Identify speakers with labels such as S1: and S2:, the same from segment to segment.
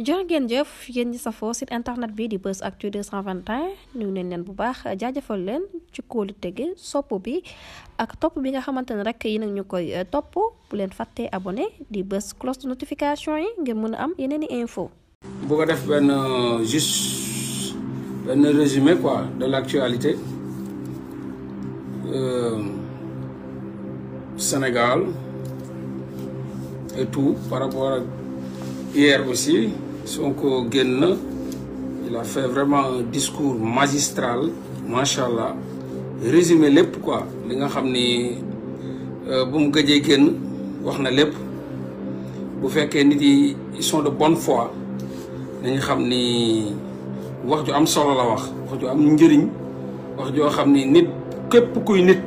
S1: jërë ngeen jëf yéen ñi safoo site internet bi di bës Buzz Actu 221 ñu neen leen bu baax jaajëfal leen ci koolu tege sopp bi ak topp bi nga xamante ne rek yi nag ñu koy eh, topp bu leen fàttee abone di bës cloche de notification yi ngeen mën a am yeneen i info bu ko def benn euh, juste benn résumé quoi de l'actualité euh, Sénégal et tout par rapport hier aussi Sonko génn na il a fait vraiment un discours magistral macha allah résumé lépp quoi li nga xam ni euh, bu mu gëjee génn wax na lépp bu fekkee nit yi ils de bonne fois dañ xam ni wax ju am solo la wax wax ju am njëriñ wax joo xam ni nit képp kuy nit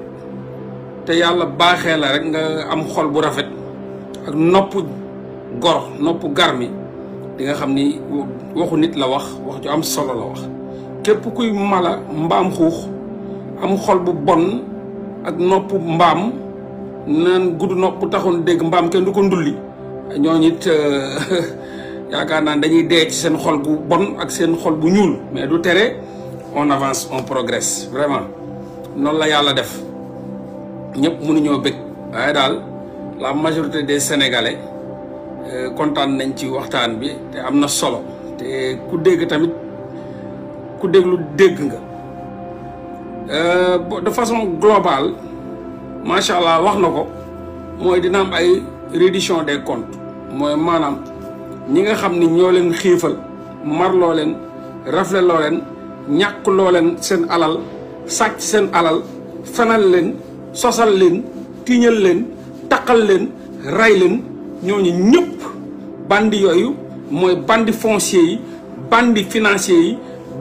S1: te yàlla baaxee la rek nga am xol bu rafet ak nopp. gor nopp garmi di nga xam ni waxu nit la wax wax ju am solo la wax képp kuy mala mbaam xuux am xol bu bon ak nopp mbaam naan gudd nopp taxoon dégg mbaam kenn du ko ndulli ñooñu it euh, yaakaar naa dañuy dee seen xol bu bon ak seen xol bu ñuul mais du tere on avance on progresse vraiment noonu la yàlla def ñëpp mënuñoo bëgg waaye daal la majorité des sénégalais Euh, kontaan nañ ci waxtaan bi te am na solo te ku dégg tamit ku déglu dégg nga euh, de façon globale macha allah wax na ko mooy dina am ay reddition des comptes mooy maanaam ñi nga xam ni ñoo leen xiifal marloo leen rafle loo leen ñàkk loo leen seen alal sàcc seen alal fanal leen sosal leen tiñal leen taqal leen ray leen ñooñu ñëpp bandi yooyu mooy bandi foncier yi bandi financier yi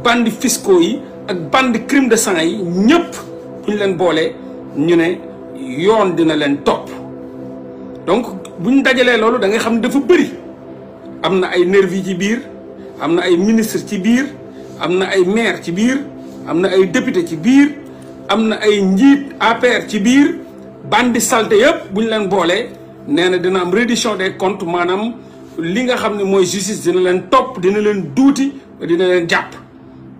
S1: bandi fiscaux yi ak bandi crime de sang yi ñëpp bu leen boolee ñu ne yoon dina leen topp donc bu ñu dajalee loolu da ngay xam ne dafa bëri am na ay nervi ci biir am na ay ministre ci biir am na ay maire ci biir am na ay député ci biir am na ay njiit APR ci biir bandi salte yëpp bu ñu leen boolee nee na dina am reddition des comptes maanaam li nga xam ne mooy justice dina leen topp dina leen duuti dina leen jàpp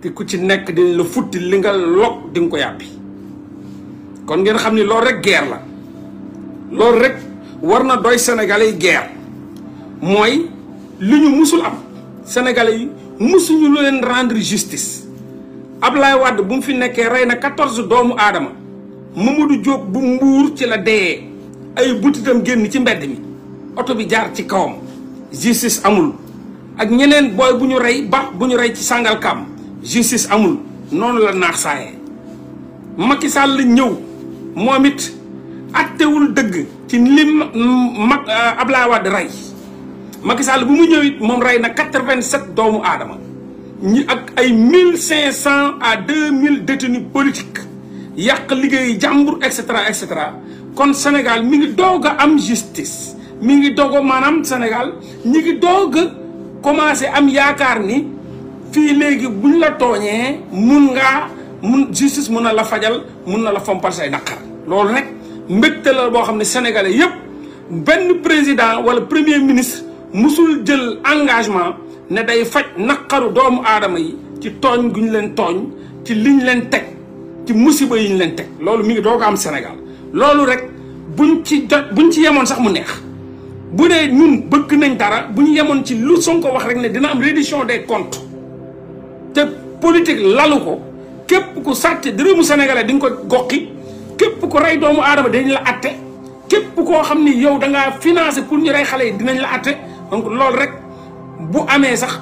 S1: te ku ci nekk dina la futti li nga log di ko yàppi kon ngeen xam ni loolu rek guerre la loolu rek war na doy sénégalais yi guerre mooy li ñu musul am sénégalais yi musuñu lu leen rendre justice Ablaye Wade bu mu fi nekkee rey na quatorze doomu aadama Mamadou Diop bu mbuur ci la deyee ay butitam génn ci mbedd mi oto bi jaar ci kawam justice amul ak ñeneen booy bu ñu rey ba bu ñu rey ci Sangalkam justice amul noonu la naax saayee Macky Sall la ñëw moom it attewul dëgg ci lim mag euh, Abdoulaye Wade rey Macky Sall bu mu ñëw it moom rey na quatre-vingt-sept doomu aadama ñi ak ay mille cinq cent à deux mille détenus politiques yàq liggéey jàmbur et cetera et cetera kon Sénégal mi ngi doog a am justice mi ngi dogo maanaam Sénégal ñi ngi doog commencé am yaakaar ni fii léegi buñ la tooñee mun ngaa mun justice mun na la fajal mun na la fompal say naqar loolu nag mbégte boo xam ne sénégalais yëpp benn président wala premier ministre musul jël engagement ne day faj naqaru doomu aadama yi ci tooñ gu ñu leen tooñ ci liñ leen teg ci musiba yi ñu leen teg loolu mi ngi doog am Sénégal loolu rek buñ ci jot buñ ci yemoon sax mu neex bu dee ñun bëgg nañ dara bu ñu yemoon ci lu ko wax rek ne dina am reddition des comptes te politique lalu ko képp ku sàcc dërëmu sénégalais di nga ko goqi képp ku rey doomu aadama dañ la atte képp koo xam ni yow da ngaa financé pour ñu rey xale yi dinañ la atte donc loolu rek bu amee sax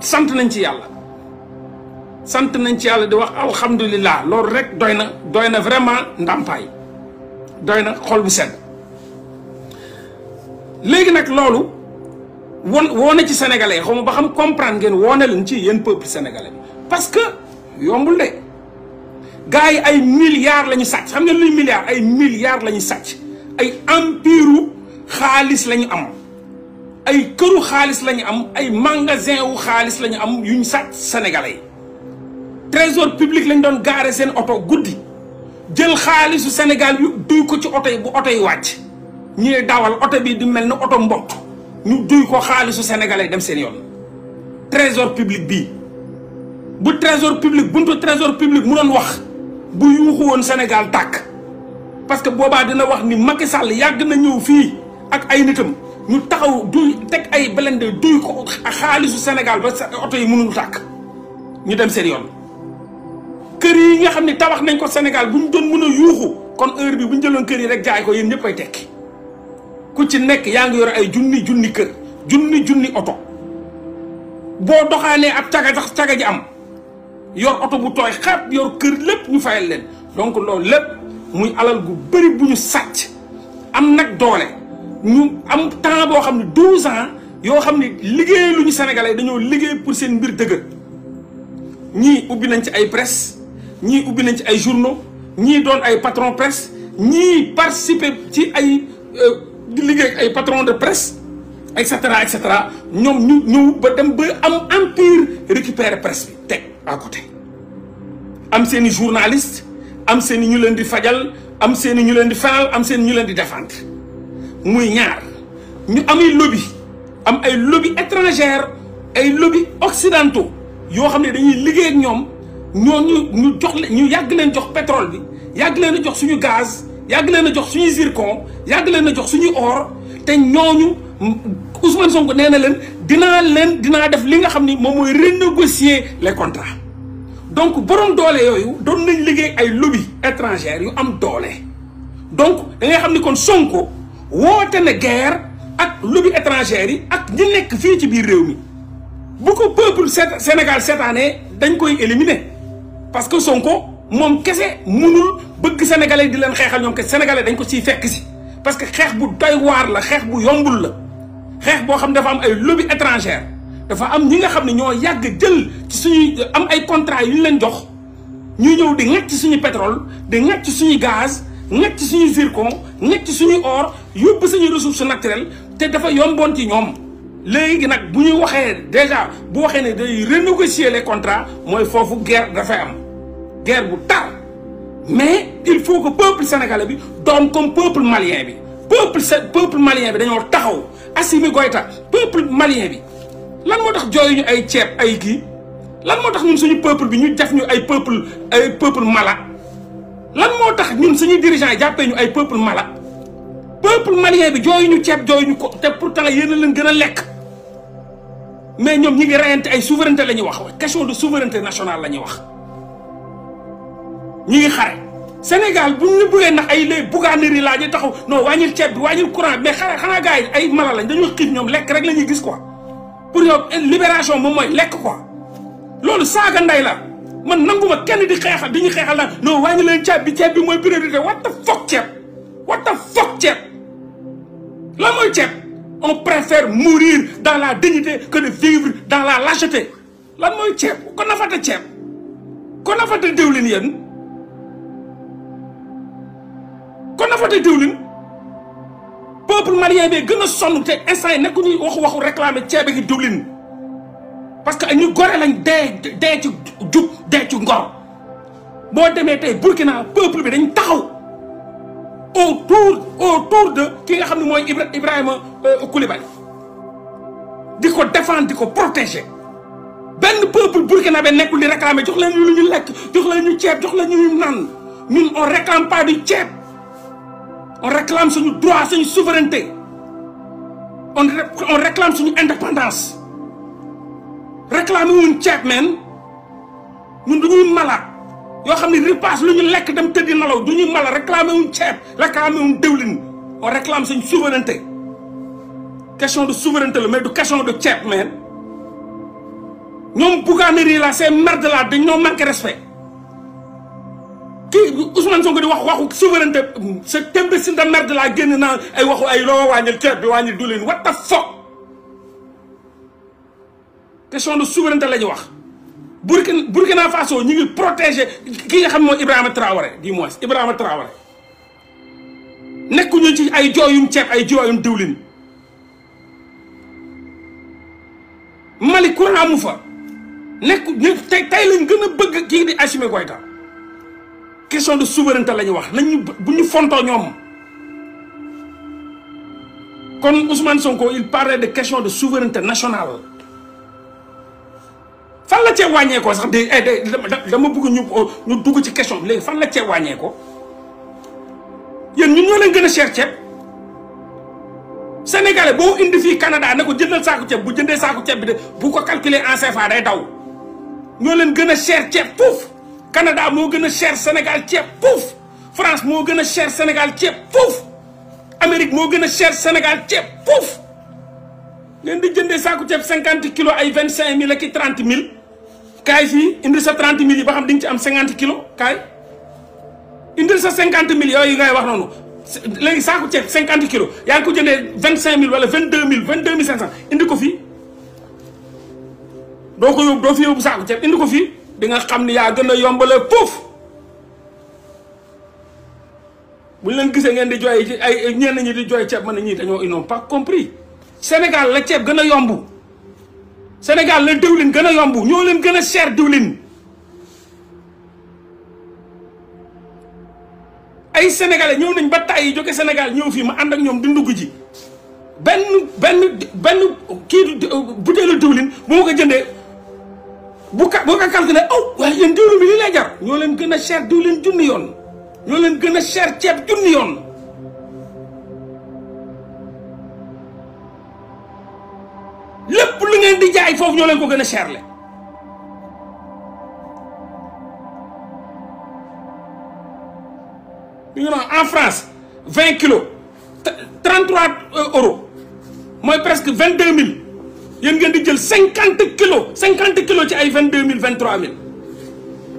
S1: sant nañ ci yàlla sant nañ ci yàlla di wax alhamdulilah loolu rek doy na doy na vraiment ndàmpaay doy na xool bu sedd léegi nag loolu won woo na ci sénégalais xaw ma ba xam comprendre ngeen woo na leen ci yéen peuple sénégalais parce que yombul de gars yi ay milliards lañu ñu sàcc xam ngeen luy milliards ay milliards la ñu sàcc ay empire xaalis lañu am ay këru xaalis lañu am ay magasin wu xaalis lañu ñu am yuñ sàcc sénégalais yi trésor public lañ doon gaare seen oto guddi jël xaalisu Sénégal yu duy ko ci oto yi bu oto yi wàcc ñuy dawal oto bi di mel ni oto mbott ñu duy ko xaalisu sénégalais dem seen yoon trésor public bii bu trésor public buntu trésor public mu doon wax bu yuuxu woon Sénégal tàkk parce que boobaa dina wax ni Macky sàll yàgg na ñëw fii ak ay nitam ñu taxaw duy teg ay belende duy ko xaalisu Sénégal ba oto yi mënul tàkk ñu dem seen yoon kër yi nga xam ni tabax nañ ko Sénégal bu ñu doon mën a yuuxu kon heure bi bu ñu jëloon kër yi rek jaay ko yéen ñëpp ay tekki ku ci nekk yaa ngi yore ay junni junni kër junni junni oto boo doxaanee ab caga sax caga ji am yor oto bu tooy xat yor kër lépp ñu fayal leen donc loolu lépp muy alal gu bëri bu ñu sàcc am nag doole ñu am temps boo xam ne douze ans yoo xam ni liggéey lu ñu sénégalais dañoo liggéey pour seen mbir dëgër ñii ubbi nañ ci ay presse ñii ubbi nañ ci ay journaux ñii doon ay patron presse ñii participer ci ay euh, di liggéey ay patron de presse et cetera cetera ñoom ñu ñëw ba dem ba am empire récupérer presse bi teg à côté am seeni i journaliste am seen i ñu leen di fajal am seen i ñu leen di faral am seen i ñu leen di défendre muy ñaar ñu amay lobby am ay lobby étrangère ay lobby occidentaux yoo xam ne dañuy liggéey ak ñoom ñooñu ñu jox leen ñu yàgg leen jox pétrole bi yàgg leen di jox suñu gaz yàgg leen a jox suñuy zircon yàgg leen a jox suñuy or te ñooñu Ousmane Sonko nee na leen dinaa leen dinaa def li nga xam ni moom mooy renégocier le contrats. donc borom doole yooyu doon nañ liggéey ay lobby étrangère yu am doole donc da nga xam ni kon Sonko woote na guerre ak lobby étrangère yi ak ñi nekk fii ci biir réew mi bu ko peuple Sénégal cette année dañ koy éliminer parce que Sonko. moom kese munul bëgg sénégalais di leen xeexal ñoom kese sénégalais dañ ko siy fekk si parce que xeex bu doy waar la xeex bu yombul la xeex boo xam ne dafa am ay lobby étrangère dafa am ñi nga xam ne ñoo yàgg jël ci suñuy am ay contrat yu ñu leen jox ñuy ñëw di ŋàcc ci suñu pétrole di ŋàcc ci suñu gaz ŋàcc ci suñu zircon ŋàcc ci suñu or yóbbu suñu ressource naturelle te dafa yomboon ci ñoom léegi nag bu ñu waxee déjà bu waxee ne day renégocier les contrat mooy foofu guerre dafay am guerre bu tar mais il faut que peuple sénégalais bi doom comme peuple malien bi peuple peuple malien bi dañoo taxaw Assimi Goïta peuple malien bi lan moo tax jooyu ñu ay ceeb ay kii lan moo tax ñun suñu peuple bi ñu def ñu ay peuple ay peuple lan moo tax ñun suñuy dirigeants yi jàppee ñu ay peuple mala peuple malien bi jooyu ñu ceeb jooyu ñu ko te pourtant yéen a leen gën a lekk mais ñoom ñi ngi reyante ay souveraineté la ñuy wax question de souveraineté nationale la ñuy wax ñu ngi xare Sénégal bu ñu la bëggee ndax ay les bouganeries laa ñuy taxaw non wàññil ceeb bi wàññil courant mais xare xanaa gars yi ay mala lañ dañoo xiif ñoom lekk rek la ñuy gis ko pour yow eh, libération moom mooy lekk ko loolu saaga nday la man nanguma kenn di xeexal di ñu xeexal naan non wàññi leen ceeb bi ceeb bi mooy priorité what the fuck ceeb what the fuck ceeb la mooy ceeb on préfère mourir dans la dignité que de vivre dans la lâcheté lan mooy ceeb ko nafata ceeb ko nafata diwlin yéen kon na fa tey diwlin peuple malien bi gën a sonn te instant yi nekku ñuy waxu waxu réclamer ceebe gi diwlin parce que ñu gore lañ dee dee ci jub dee ci ngor boo demee tey Burkina peuple bi dañ taxaw autour autour de ki nga xam ne mooy Ibrahima euh, Koulibaly di ko défendre di ko protéger benn peuple burkinabé nekkul di réclamer jox leen ñu lu lekk jox leen ñu ceeb jox leen naan ñun on réclame pas du ceeb on réclame suñu droit suñu souveraineté on on réclame suñu indépendance réclame wuñ ceeb meen ñun du ñuy mala yoo xam ne ripaas lu ñu lekk dem tëddi nalaw du ñuy mala réclame wuñ ceeb réclame wuñ dëwlin on réclame suñu souveraineté question de souveraineté la mais du question de ceeb meen ñoom yi la ces merdes là dañ ñoo manqué respect kii Ousmane Sonko di wax waxu souveraineté si tempesti da merde laa génn naa ay waxu ay loo wàññil ceeb bi wàññil du leen what the fuck question de souveraineté la ñu wax Burkina Burkina Faso ñu ngi protégé ki nga xam mooy Ibrahima Traoré du moins Ibrahima Traoré nekkuñu ci ay jooyum ceeb ay jooyum diwlin Mali courant mu fa nekk ñu tey tey lañ gën a bëgg kii di Assimi Goïta question de souveraineté la ñu wax nañu bu ñu fontoo ñoom kon Ousmane Sonko il parlait de question de souveraineté nationale fan la cee wàññee ko sax eh, de dama bëgg ñu ñu dugg ci question bi léegi fan la cee wàññeeko ko yéen ñun ñoo leen gën a cher ceeb sénégalais boo indi fii Canada ne ko jëndal saako ceeb bu jëndee saako ceeb bi de bu ko calculer en CFA day daw ñoo leen gën a cher ceeb foofu Canada moo gën a chair Sénégal ceeb pouf France moo gën a chair Sénégal ceeb pouf Amérique moo gën a cher Sénégal ceeb pouf ngeen di jëndee saaku ceeb cinquante kilos ay vingt cinq mille ak i trente mille kaay fii indil sa trente mille yi ba xam ci am cinquante kilos kaay indil sa cinquante mille yooyu ngay wax noonu léegi saaku ceeb cinquante kilos yaa ngi ko jëndee vingt cinq mille wala vingt deux mille vingt deux mille cinq cent indi ko fii doo ko yóbbu doo fi yóbbu saaku ceeb indi ko fii di nga xam ni yaa gën a yombale foofu bu leen gisee ngeen di jooy ci ay ñenn ñi di jooy ceeb mën na ñii dañoo ils n'ont pas compris Sénégal la ceeb gën a yomb Sénégal la diwlin gën a yomb ñoo leen gën a cher diwlin ay sénégalais ñëw nañ ba tàyyi jóge Sénégal ñëw fii ma ànd ak ñoom di ndugg ji benn benn benn kii butéelu diwlin bu ko jëndee bu ka boo ko calculé aw oh, waaye yéen diwlin bi li lay jar ñoo leen gën a cher diwlin junni yoon ñoo leen gën a cher ceeb junni yoon lépp lu ngeen di jaay foofu ñoo leen ko gën a cher le ñu ngi en France vingt kilo trente trois euros mooy presque vingt deux mille yéen ngeen di jël cinquante kilo cinquante kilos ci ay vingt deux mille vingt trois mille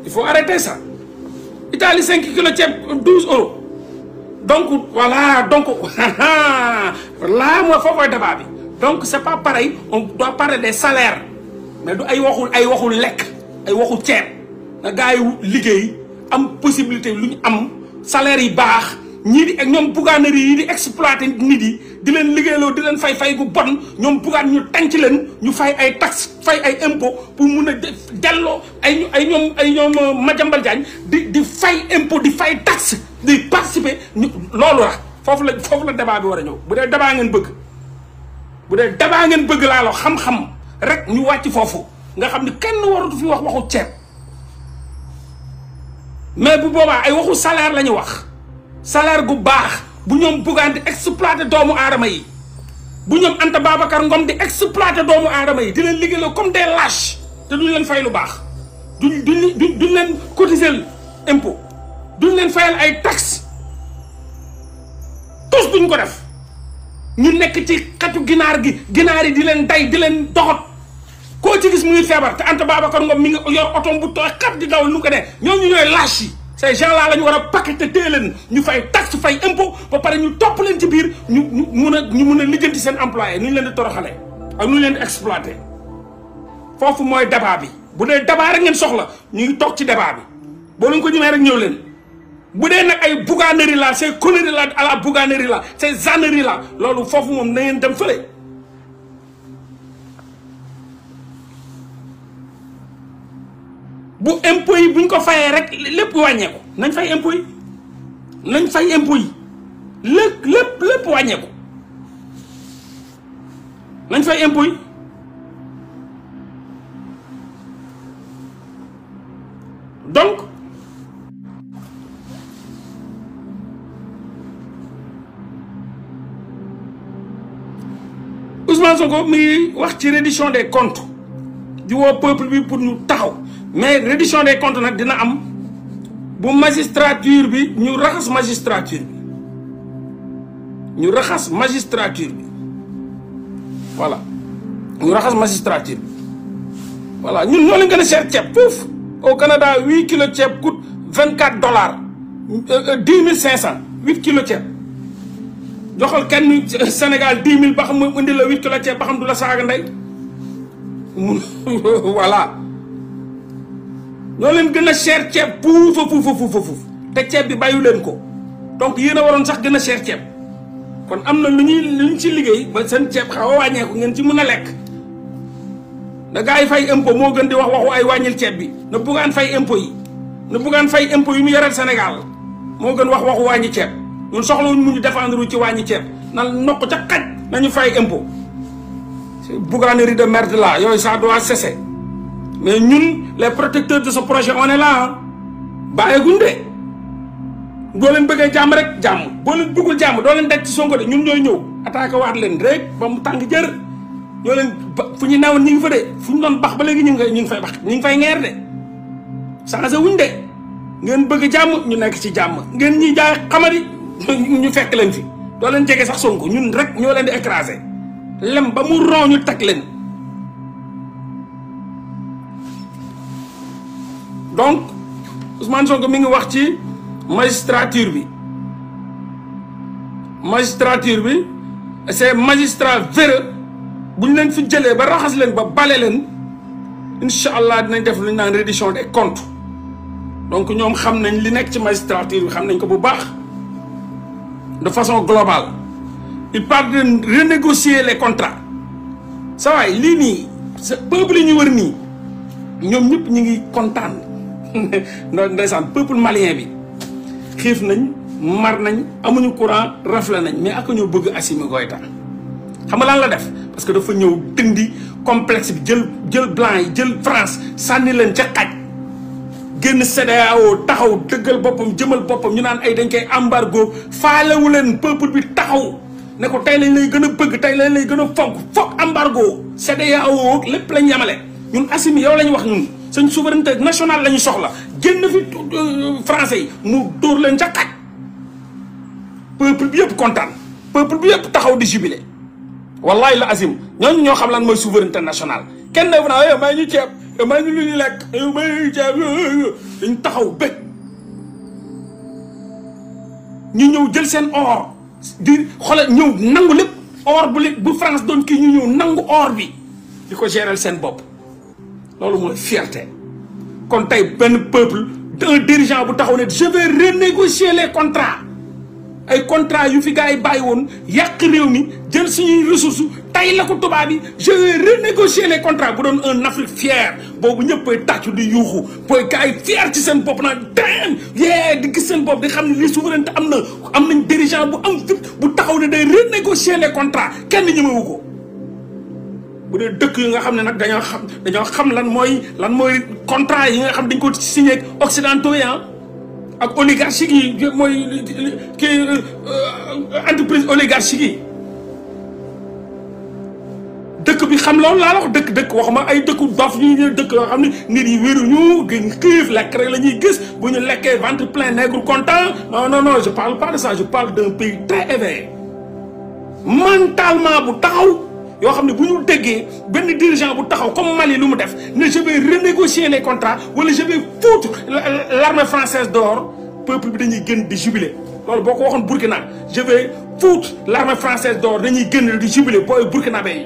S1: il faut arrêter ça Italie cinq kilos ceeb douze euros donc voilà donc là mooy foofu débat bi donc c'est pas pareil on doit parler des salaires mais du ay waxul ay waxul lekk ay waxul ceeb na gars yi liggéey am possibilité lu ñu am salaire yi baax. ñii di ak ñoom bugaanerie yi di exploité nit yi di leen liggéeyloo di leen fay fay gu bon ñoom bugaan ñu tànc leen ñu fay ay taxe fay ay impo pour mun a delloo ay ay ñoom ay ñoom euh, Madiambal Diagne di di fay impôt di fay taxe di participer ñu loolu la foofu la foofu la débat bi war a ñëw bu dee demaa ngeen bëgg bu dee débat ngeen bëgg laa la xam-xam rek ñu wàcc foofu nga xam ni kenn waratu fi wax waxu ceeb mais bu boobaa ay waxu salaire la ñu wax. salaire gu baax bu ñoom buggaan di exploité doomu aadama yi bu ñoom Anta Babacar Ngom di exploité doomu aadama yi di leen liggéeyal comme des lâches te duñ leen fay lu baax duñ duñ duñ leen cotiser impôt duñ leen fayal ay taxes tous duñ ko def ñu nekk ci xetu ginaar gi ginaar yi di leen day di leen doxat koo ci gis mu ngi feebar te Anta Babacar Ngom mi ngi yor otoom bu tooy xat di daw lu ko ñoo ñu ñooy lâche yi. ces gens-là la war a te téye leen ñu fay taxe fay impôt ba pare ñu topp leen ci biir ñu ñu mun a ñu mun a lijjanti seen employé nu ñu leen di toroxale ak nu ñu leen di exploité foofu mooy débat bi bu dee débat rek ngeen soxla ñu ngi toog ci débat bi boo leen ko ñemee rek ñëw leen bu dee nag ay bouganerie la ces conneries la à la bouganerie la ces âneries la loolu foofu moom na ngeen dem fële. bu impôt yi buñ ko fayee rek lépp wàññeeku nañ fay impôt yi nañ fay impôt yi lépp lépp wàññeeku nañ fay impôt donc Ousmane Sonko mi wax ci reddition des comptes di woo peuple bi pour ñu taxaw mais reddition des comptes nag dina am bu magistrature bi ñu raxas magistrature bi ñu raxas magistrature bi voilà ñu raxas magistrature bi voilà ñun ñoo leen gën a cher ceeb foofu au Canada huit kilos ceeb coûte vingt quatre dollars euh, euh, dix mille cinq cent huit kilos ceeb joxal kenn Sénégal dix mille ba xam mu indi la huit kilos ceeb ba xam du la saaga ndey mun voilà. ñoo leen gën a cher ceeb fuufa fuufa fuufa fuuf te ceeb bi bàyyu leen ko donc yéen a waroon sax gën a cher ceeb kon am na lu ñuy lu ñu ci liggéey ba seen ceeb xaw a wàññeeku ngeen ci mën a lekk na gars yi fay impôt moo gën di wax waxu ay wàññil ceeb bi na buggaan fay impôt yi na buggaan fay impôt yi mu yoreel Sénégal moo gën wax waxu wàññi ceeb ñun soxlawuñ mu ñu défendre ci wàññi ceeb na nokk ca xaj nañu fay impôt bouganerie de merde là yooyu ça doit cesser mais ñun les protecteurs de ce projet on est là ah bàyyeeguñ de boo leen bëggee jàmm rek jàmm boo leen bëggul jàmm doo leen daj ci Sonko de ñun ñooy ñëw attaqué waat leen rek ba mu tàng jër ñoo leen fu ñu newoon ñu ngi fu ñu doon bax ba léegi ñu ñu ngi fay bax ñu ngi fay ngeer de changé wuñ de ngeen bëgg jàmm ñu nekk ci jàmm ngeen ñi jaay xamari ñu fekk leen fi doo leen jege sax Sonko ñun rek ñoo leen di écrasé lem ba mu ron ñu teg leen. donc Ousmane Sonko mi ngi wax ci magistrature bi magistrature bi c'est magistrat véreux bu ñu leen fi jëlee ba raxas leen ba bale leen incha allah dinañ def lu ñu naan reddition de comptes donc ñoom xam nañ li nekk ci magistrature bi xam nañ ko bu baax de façon globale il parle de renégocier les contrats sa waay lii nii peuple yi ñu wër nii ñoom ñëpp ñu ngi kontaan ndox ndeysaan peuple malien bi xiif nañ mar nañ amuñu courant rafle nañ mais ak ñoo bëgg Assimi Goïta xam nga lan la def parce que dafa ñëw di complexe bi jël jël blanc yi jël France sànni leen ca xaj génn CEDEAO taxaw dëggal boppam jëmal boppam ñu naan ay dañ koy embargo faalewu leen peuple bi taxaw ne ko tey lañ lay gën a bëgg tey lañ lay gën a fonk foog embargo CEDEAO lépp lañ yamale ñun Assimi yow lañ wax ñun seen souveraineté national la ñu soxla génn fi euh, français yi mu dóor leen ca xaj peuple bi yëpp kontaan peuple bi yëpp taxaw di jubilé wallahi la azim ñooñu ñoo xam lan mooy souveraineté national kenn def naa yow eh, may ñu ceeb eh, ñu lu ñu lekk yow eh, may ñu ceeb dañu taxaw ñu ñëw jël seen or di xoolal ñëw nangu lépp or bu bu France doon kii ñu ñëw nangu or bi di ko gérer seen bopp loolu mooy fierté kon tey benn peuple un dirigeant bu taxaw ne je vais renégocier les contrats ay contrats yu fi gars yi bàyyi woon yàq réew mi jël suñuy ressources tey la ko tubaab yi je vais renégocier les contrats bu doon un Afrique fière boobu ñëppay tàccu di yuuxu booy gars yi fier ci seen bopp naan damn yee di gis seen bopp di xam ne li souveraineté am na am nañ dirigeant bu am fit bu taxaw ne day renégocier les contrats kenn ñemewu ko. bu dee dëkk yi nga xam ne nag dañoo xam dañoo xam lan mooy lan mooy contrat yi nga xam dañ ko signé ak occidentaux ah, ak oligarchique yi mooy kii euh, entreprise oligarchique yi dëkk bi xam loolu laa la ko dëkk dëkk ma ay dëkku dof yi dëkk yoo xam ne nit yi wéruñu gën xiif lekk rek la ñuy gis bu ñu lekkee ventre plein nègre content non non non je parle pas de ça je parle d'un pays très éveillé mentalement bu taxaw yoo xam ne bu ñu déggee benn dirigeant bu taxaw comme Mali lu mu def ne je vais renégocier les contrats wala je vais foutre l'armée française dehors peuple bi dañuy gën di jubiler loolu boo ko waxoon Burkina je vais foutre l'armée française dehors dañuy gën di jubiler booy burkinabé yi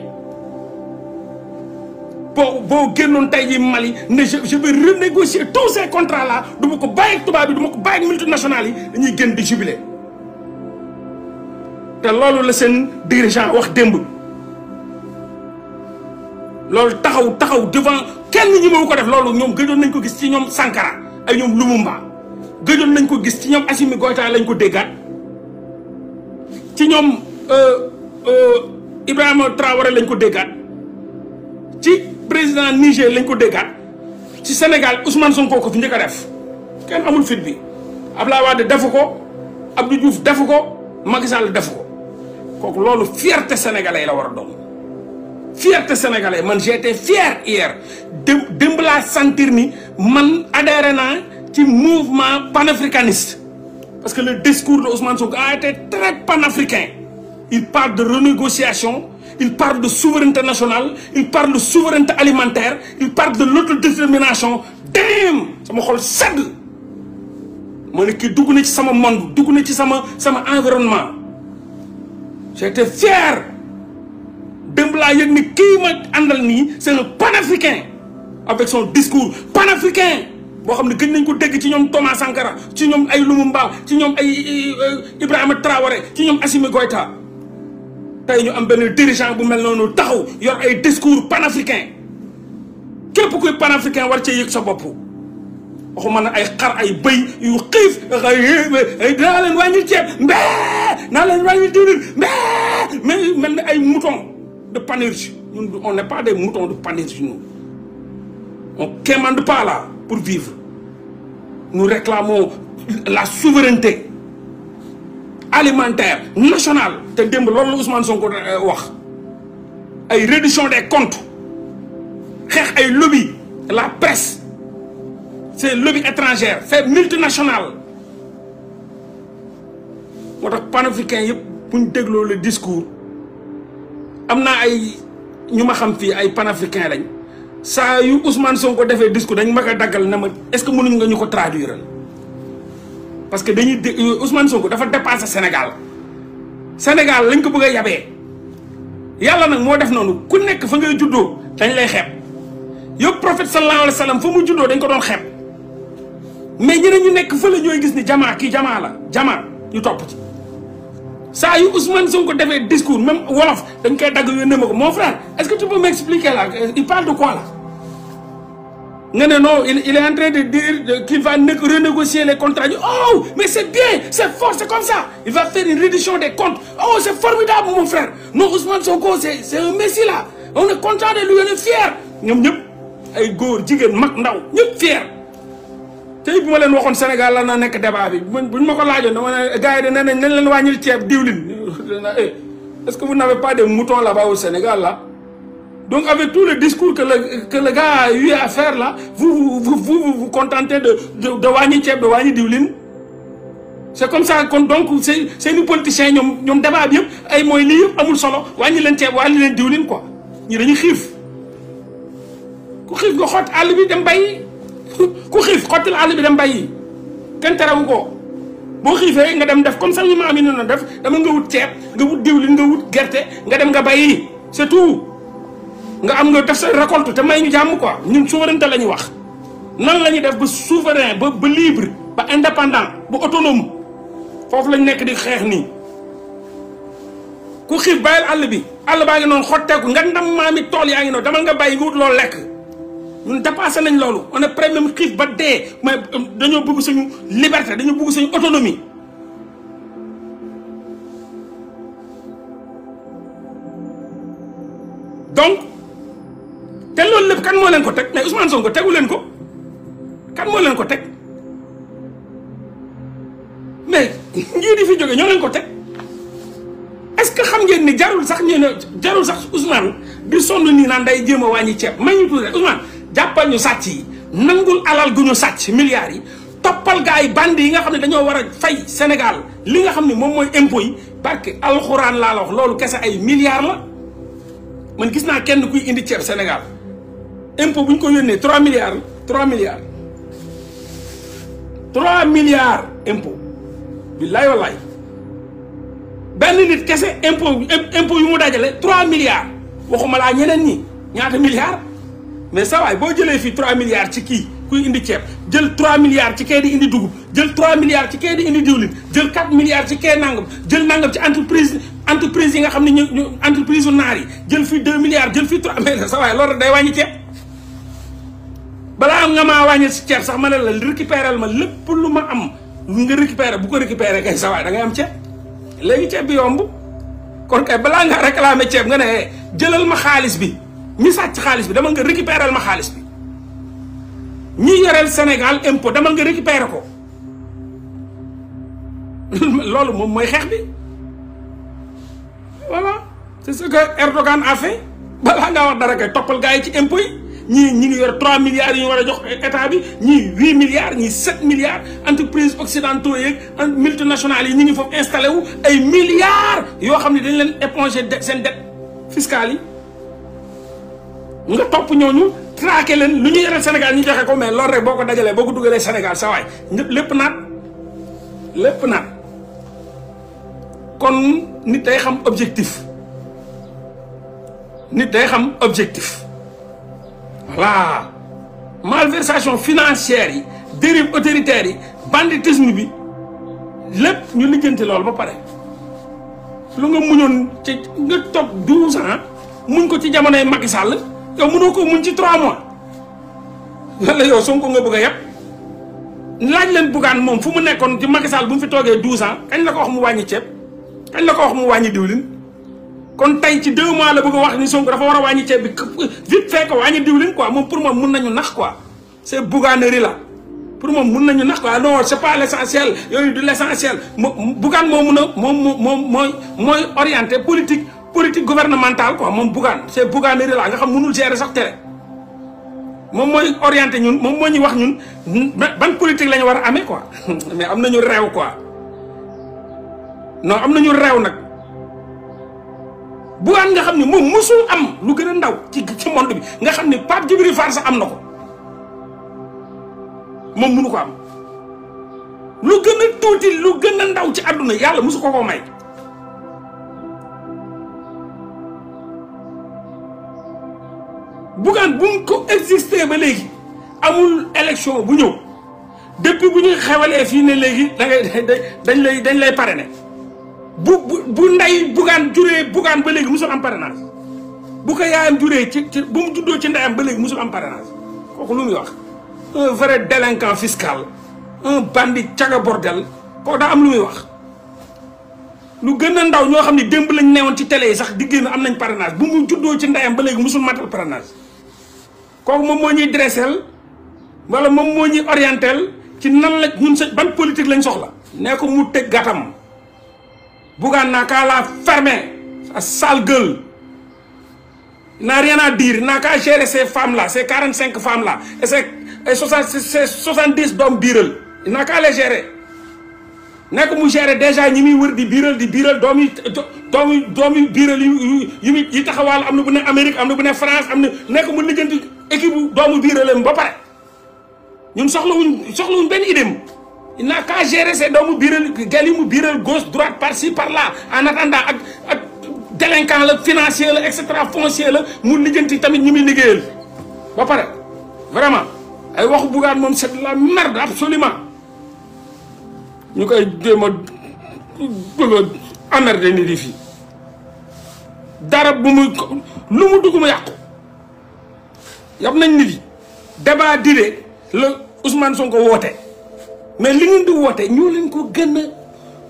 S1: boo boo génnoon tey jii Mali ne je je vais renégocier tous ces contrats là du ko bàyyi ak tubaab bi du ma ko bàyyi ak multinationales yi dañuy gën di jubiler te loolu la seen dirigeant wax démb. loolu taxaw taxaw devant kenn ñi moom ko def loolu ñoom gëjoon nañ ko gis ci ñoom Sankara ay ñoom Lumumba gëjoon nañ ko gis ci ñoom Assimi Goïta lañ ko déggaat ci ñoom euh, euh, Ibrahima Traoré lañ ko déggaat ci président Niger lañ ko déggaat ci Sénégal Ousmane Sonko ko fu njëkk a def kenn amul fit bi Abdoulaye Wade defu ko Abdou Diouf defu ko Macky Sall defu ko kooku loolu fierté sénégalais la war a doon. fierté sénégalais man j' étais fier hier démb laa sentir ni man adhéré naa ci mouvement panafricaniste parce que le discours de Ousmane Sonko a été très panafricain il parle de renégociation il parle de souveraineté nationale il parle de souveraineté alimentaire il parle de l'autodétermination damn sama xol sedd ma ne kii dugg na ci sama monde dugg na ci sama sama environnement j'étais fier démb laa yëg ni kii ma àndal nii c'est un panafricain avec son discours panafricain boo xam ne gën nañ ko dégg ci ñoom Thomas Sankara ci ñoom ay Lumumba ci ñoom ay Ibrahima Traoré ci ñoom Assimi Goïta tey ñu am benn dirigeant bu mel noonu taxaw yor ay discours panafricain képp kuy panafricain war cee yëg sa bopp waxuma na ay xar ay bëy yu xiif naa leen wàññi ceeb mbee naa leen wàññi diwlin mbee mel ni ay mouton de panurge ñun on n'est pas des moutons de panurge nous on quémande pas là pour vivre nous réclamons la souveraineté alimentaire national te démb loolu la Ousmane Sonko euh, wax ay réduction des comptes xeex ay lobby la presse c'est lobby étrangère fait multinationale moo tax panafricain yëpp bu ñu dégloo le discours am naa ay ñu ma xam fii ay panafricain lañ saa yu Ousmane ko defee discours dañ ma a daggal na ma est-ce que mënuñ nga ñu ko traduire parce que dañuy dé euh, Ousmane ko dafa dépassé Sénégal Sénégal lañ ko bëgg a yabee yàlla nag moo def noonu ku nekk fa ngay juddoo dañ lay xeeb yow profet sallallahu alayhi wa sallam fa mu juddoo dañ ko doon xeeb mais ñeneen ñu nekk fa la ñooy gis ni jamaa kii jamaa la jamaa ñu topp ci. saa yu Ousmane Sonko defee discours même wolof dañ koy dagg yónnee ma ko mon frère est-ce que tu peux m'expliquer là il parle de quoi là. nga ne non il est en train de dire qu'il va renégocier les contrats ñu oh mais c'est bien c'est fort c'est comme ça il va faire une reddition des comptes oh c'est formidable mon frère non Ousmane Sonko c'est c'est un messie là on est content de lui on est fier ñoom ñëpp ay góor jigéen mag ndaw ñëpp fier. tey bu ma leen waxoon Sénégal la na nekk débat bi buñ ma ko laajoon dama ne gars yi de nee nañ nañ leen wàññil ceeb diwlin eh, est-ce que vous n'avez pas de mouton là-bas au Sénégal là donc avec tout le discours que le que le gars a eu à faire là vous vous vous vous contentez de de ceeb de wàññi diwlin c'est comme ça kon donc seen seeni politiciens ñoom ñoom débat yëpp ay mooy lii yëpp amul solo wàññi leen ceeb wàññi leen diwlin quoi ñi dañuy xiif ku xiif nga xott àll bi dem bay ku xiif xottil àll bi dem bàyyi kenn terewu ko boo xiifee nga dem def comme sax ñu ma amee noonu def dama nga wut ceeb nga wut diwlin nga wut gerte nga dem nga bàyyi c'est nga am nga def sa récolte te may ñu jàmm quoi ñun souveraineté la ñu wax nan la ñuy def ba souverain ba ba libre ba indépendant ba autonome foofu lañ nekk di xeex nii ku xiif bàyyil àll bi àll baa ngi noonu xotteeku nga ndam maami tool yaa ngi noonu demal nga bàyyi nga wut loolu lekk ñun dépassé nañ loolu on est prêt même xiif ba dee mais euh, dañoo bëgg suñu liberté dañoo bëgg suñu autonomie. donc te loolu lépp kan moo leen ko teg mais Ousmane Sonko tegu leen ko kan moo ko teg mais ngir di fi jóge ñoo leen ko teg est que xam ngeen ni jarul sax ñu ne jarul sax Ousmane di sonn nii naan day jéem a wàññi ceeb may ñu tuuti rek Ousmane. jàppal ñu sàcc yi nangul alal gu ñu sàcc milliards yi toppal gars yi band yi nga xam ne dañoo war a fay Sénégal li nga xam ne moom mooy impôts yi barke alxuraan laa la wax loolu kese ay milliards la man gis naa kenn kuy indi ceeb Sénégal impôt bu ñu ko yónnee 3 milliards 3 milliards 3 milliards impôt billaay wallaay benn nit kese impôt impôt yu mu dajale 3 milliards waxuma laa ñeneen ñi ñaata milliards. mais saa waay boo jëlee fii 3 milliards ci kii kuy indi ceeb jël 3 milliards ci kee di indi dugub jël 3 milliards ci kee di indi diwlin jël 4 milliards ci kee nangam jël nangam ci entreprise entreprise yi nga xam ne ñu ñu entreprise u naar yi jël fii 2 milliards jël fii 3 mais saa waay loolu day wàññi ceeb balaa nga maa wàññi si ceeb sax ma ne la récupérer ma lépp lu ma am nga récupérer bu ko récupérer kay saa waay da ngay am ceeb léegi ceeb bi yomb kon kay balaa nga réclamer ceeb nga ne jëlal ma xaalis bi. ñi sàcc xaalis bi dama nga récupérer ma xaalis bi ñi yoreel Sénégal impôt dama nga récupérer ko loolu moom mooy xeex bi voilà c'est ce que Erdogan a fait balaa ngaa wax dara kay toppal gars yi ci impôt yi ñii ñi ngi yor 3 milliards yi ñu war a jox état bi ñii 8 milliards ñii 7 milliards entreprises occidentaux yeeg multinationales yi ñu ngi foofu installé wu ay milliards yoo xam ne dañ leen éponger seen dette fiscale yi. nga topp ñooñu traqué leen lu ñu yore Sénégal ñu joxe ko mais loolu rek boo ko dajalee boo ko dugalee Sénégal sa lépp naat lépp naat kon nit day xam objectif nit day xam objectif voilà malversation financière yi dérive autoritaire yi banditisme bi lépp ñu lijjanti loolu ba pare lu nga muñoon ci nga toog douze ans muñ ko ci jamonoy Macky Sall yow mënoo ko muñ ci trois mois wala yow Sonko nga bëgg a yëpp laaj leen Bougane moom fu mu nekkoon ci Macky Sall bu mu fi toogee douze ans kañ la ko wax mu wàññi ceeb kañ la ko wax mu wàññi diwlin kon tey ci deux mois la bëgg a wax ni Sonko dafa war a wàññi ceeb bi vite fait ko wàññi diwlin quoi moom pour moom mun nañu nax quoi c'est bouganerie la pour moom mun nañu nax quoi ah non c'est pas l'essentiel yooyu du l'essentiel Bougane moo mun a moom moo mooy mooy orienté politique politique gouvernementale quoi moom Bougane c'est Bougane la nga xam mënul gérer sax tere moom mooy orienté ñun moom moo ñu wax ñun ban politique la ñu war a amee quoi mais am nañu réew quoi non am nañu réew nag Bougane nga xam ne moom musul am lu gën a ndaw ci ci nga xam ne Pape Djibril Fall sax am na ko moom mënu ko am lu gën a tuuti lu gën a ndaw ci àdduna yàlla musu ko koo may. Bougane bu mu ko existé ba léegi amul election bu ñëw depuis bu ñu xewalee fii ne léegi da dañ lay dañ lay parrainé bu bu nday Bougane juree Bougane ba léegi musul am parrainage bu ko yaayam juree ci ci bu mu juddoo ci ndeyam ba léegi musul am parrainage kooku lu muy wax un vrai délinquant fiscal un bandit caga bordel daa am lu wax lu gën a ndaw ñoo xam ne démb lañ newoon ci télé yi sax di génn am nañ parrainage bu mu juddoo ci ndeyam ba léegi musul matal parrainage kooku moom moo ñuy dressel wala moom moo ñuy orientel ci nan la ñun sa ban politique lañ soxla. nee ko mu tëgg gàttam Bougane naa kaa la fermer sa sale gueule n'a rien à dire naa kaa gérer ces femmes là ces quarante cinq femmes la et ces et soixante ces soixante dix doom biiral naa kaa les gérer. nekk mu géré déjà ñi muy wër di biiral di biiral doom yi doomu doomu biiral yu yu yi taxawaal am na bu ne Amérique am na bu ne France am na nekk mu lijjanti équipe doomu biiralam ba pare ñun soxlawuñ soxlawuñ benn idée il n'a qu'à gérer ses doomu biiral gel yi mu biiral gauche droite par ci par là en attendant ak ak délinquant la financier la et cetera foncier la mu lijjanti tamit ñu muy liggéeyal ba pare vraiment ay waxu bugaat moom c'est de la merde absolument ñu koy jéem a bëgg a nit yi fii dara bu muy lu mu dugg mu yàqu yab nañ nit yi débat d'idées la Ousmane Sonko woote mais li ngeen di woote ñoo leen ko gën a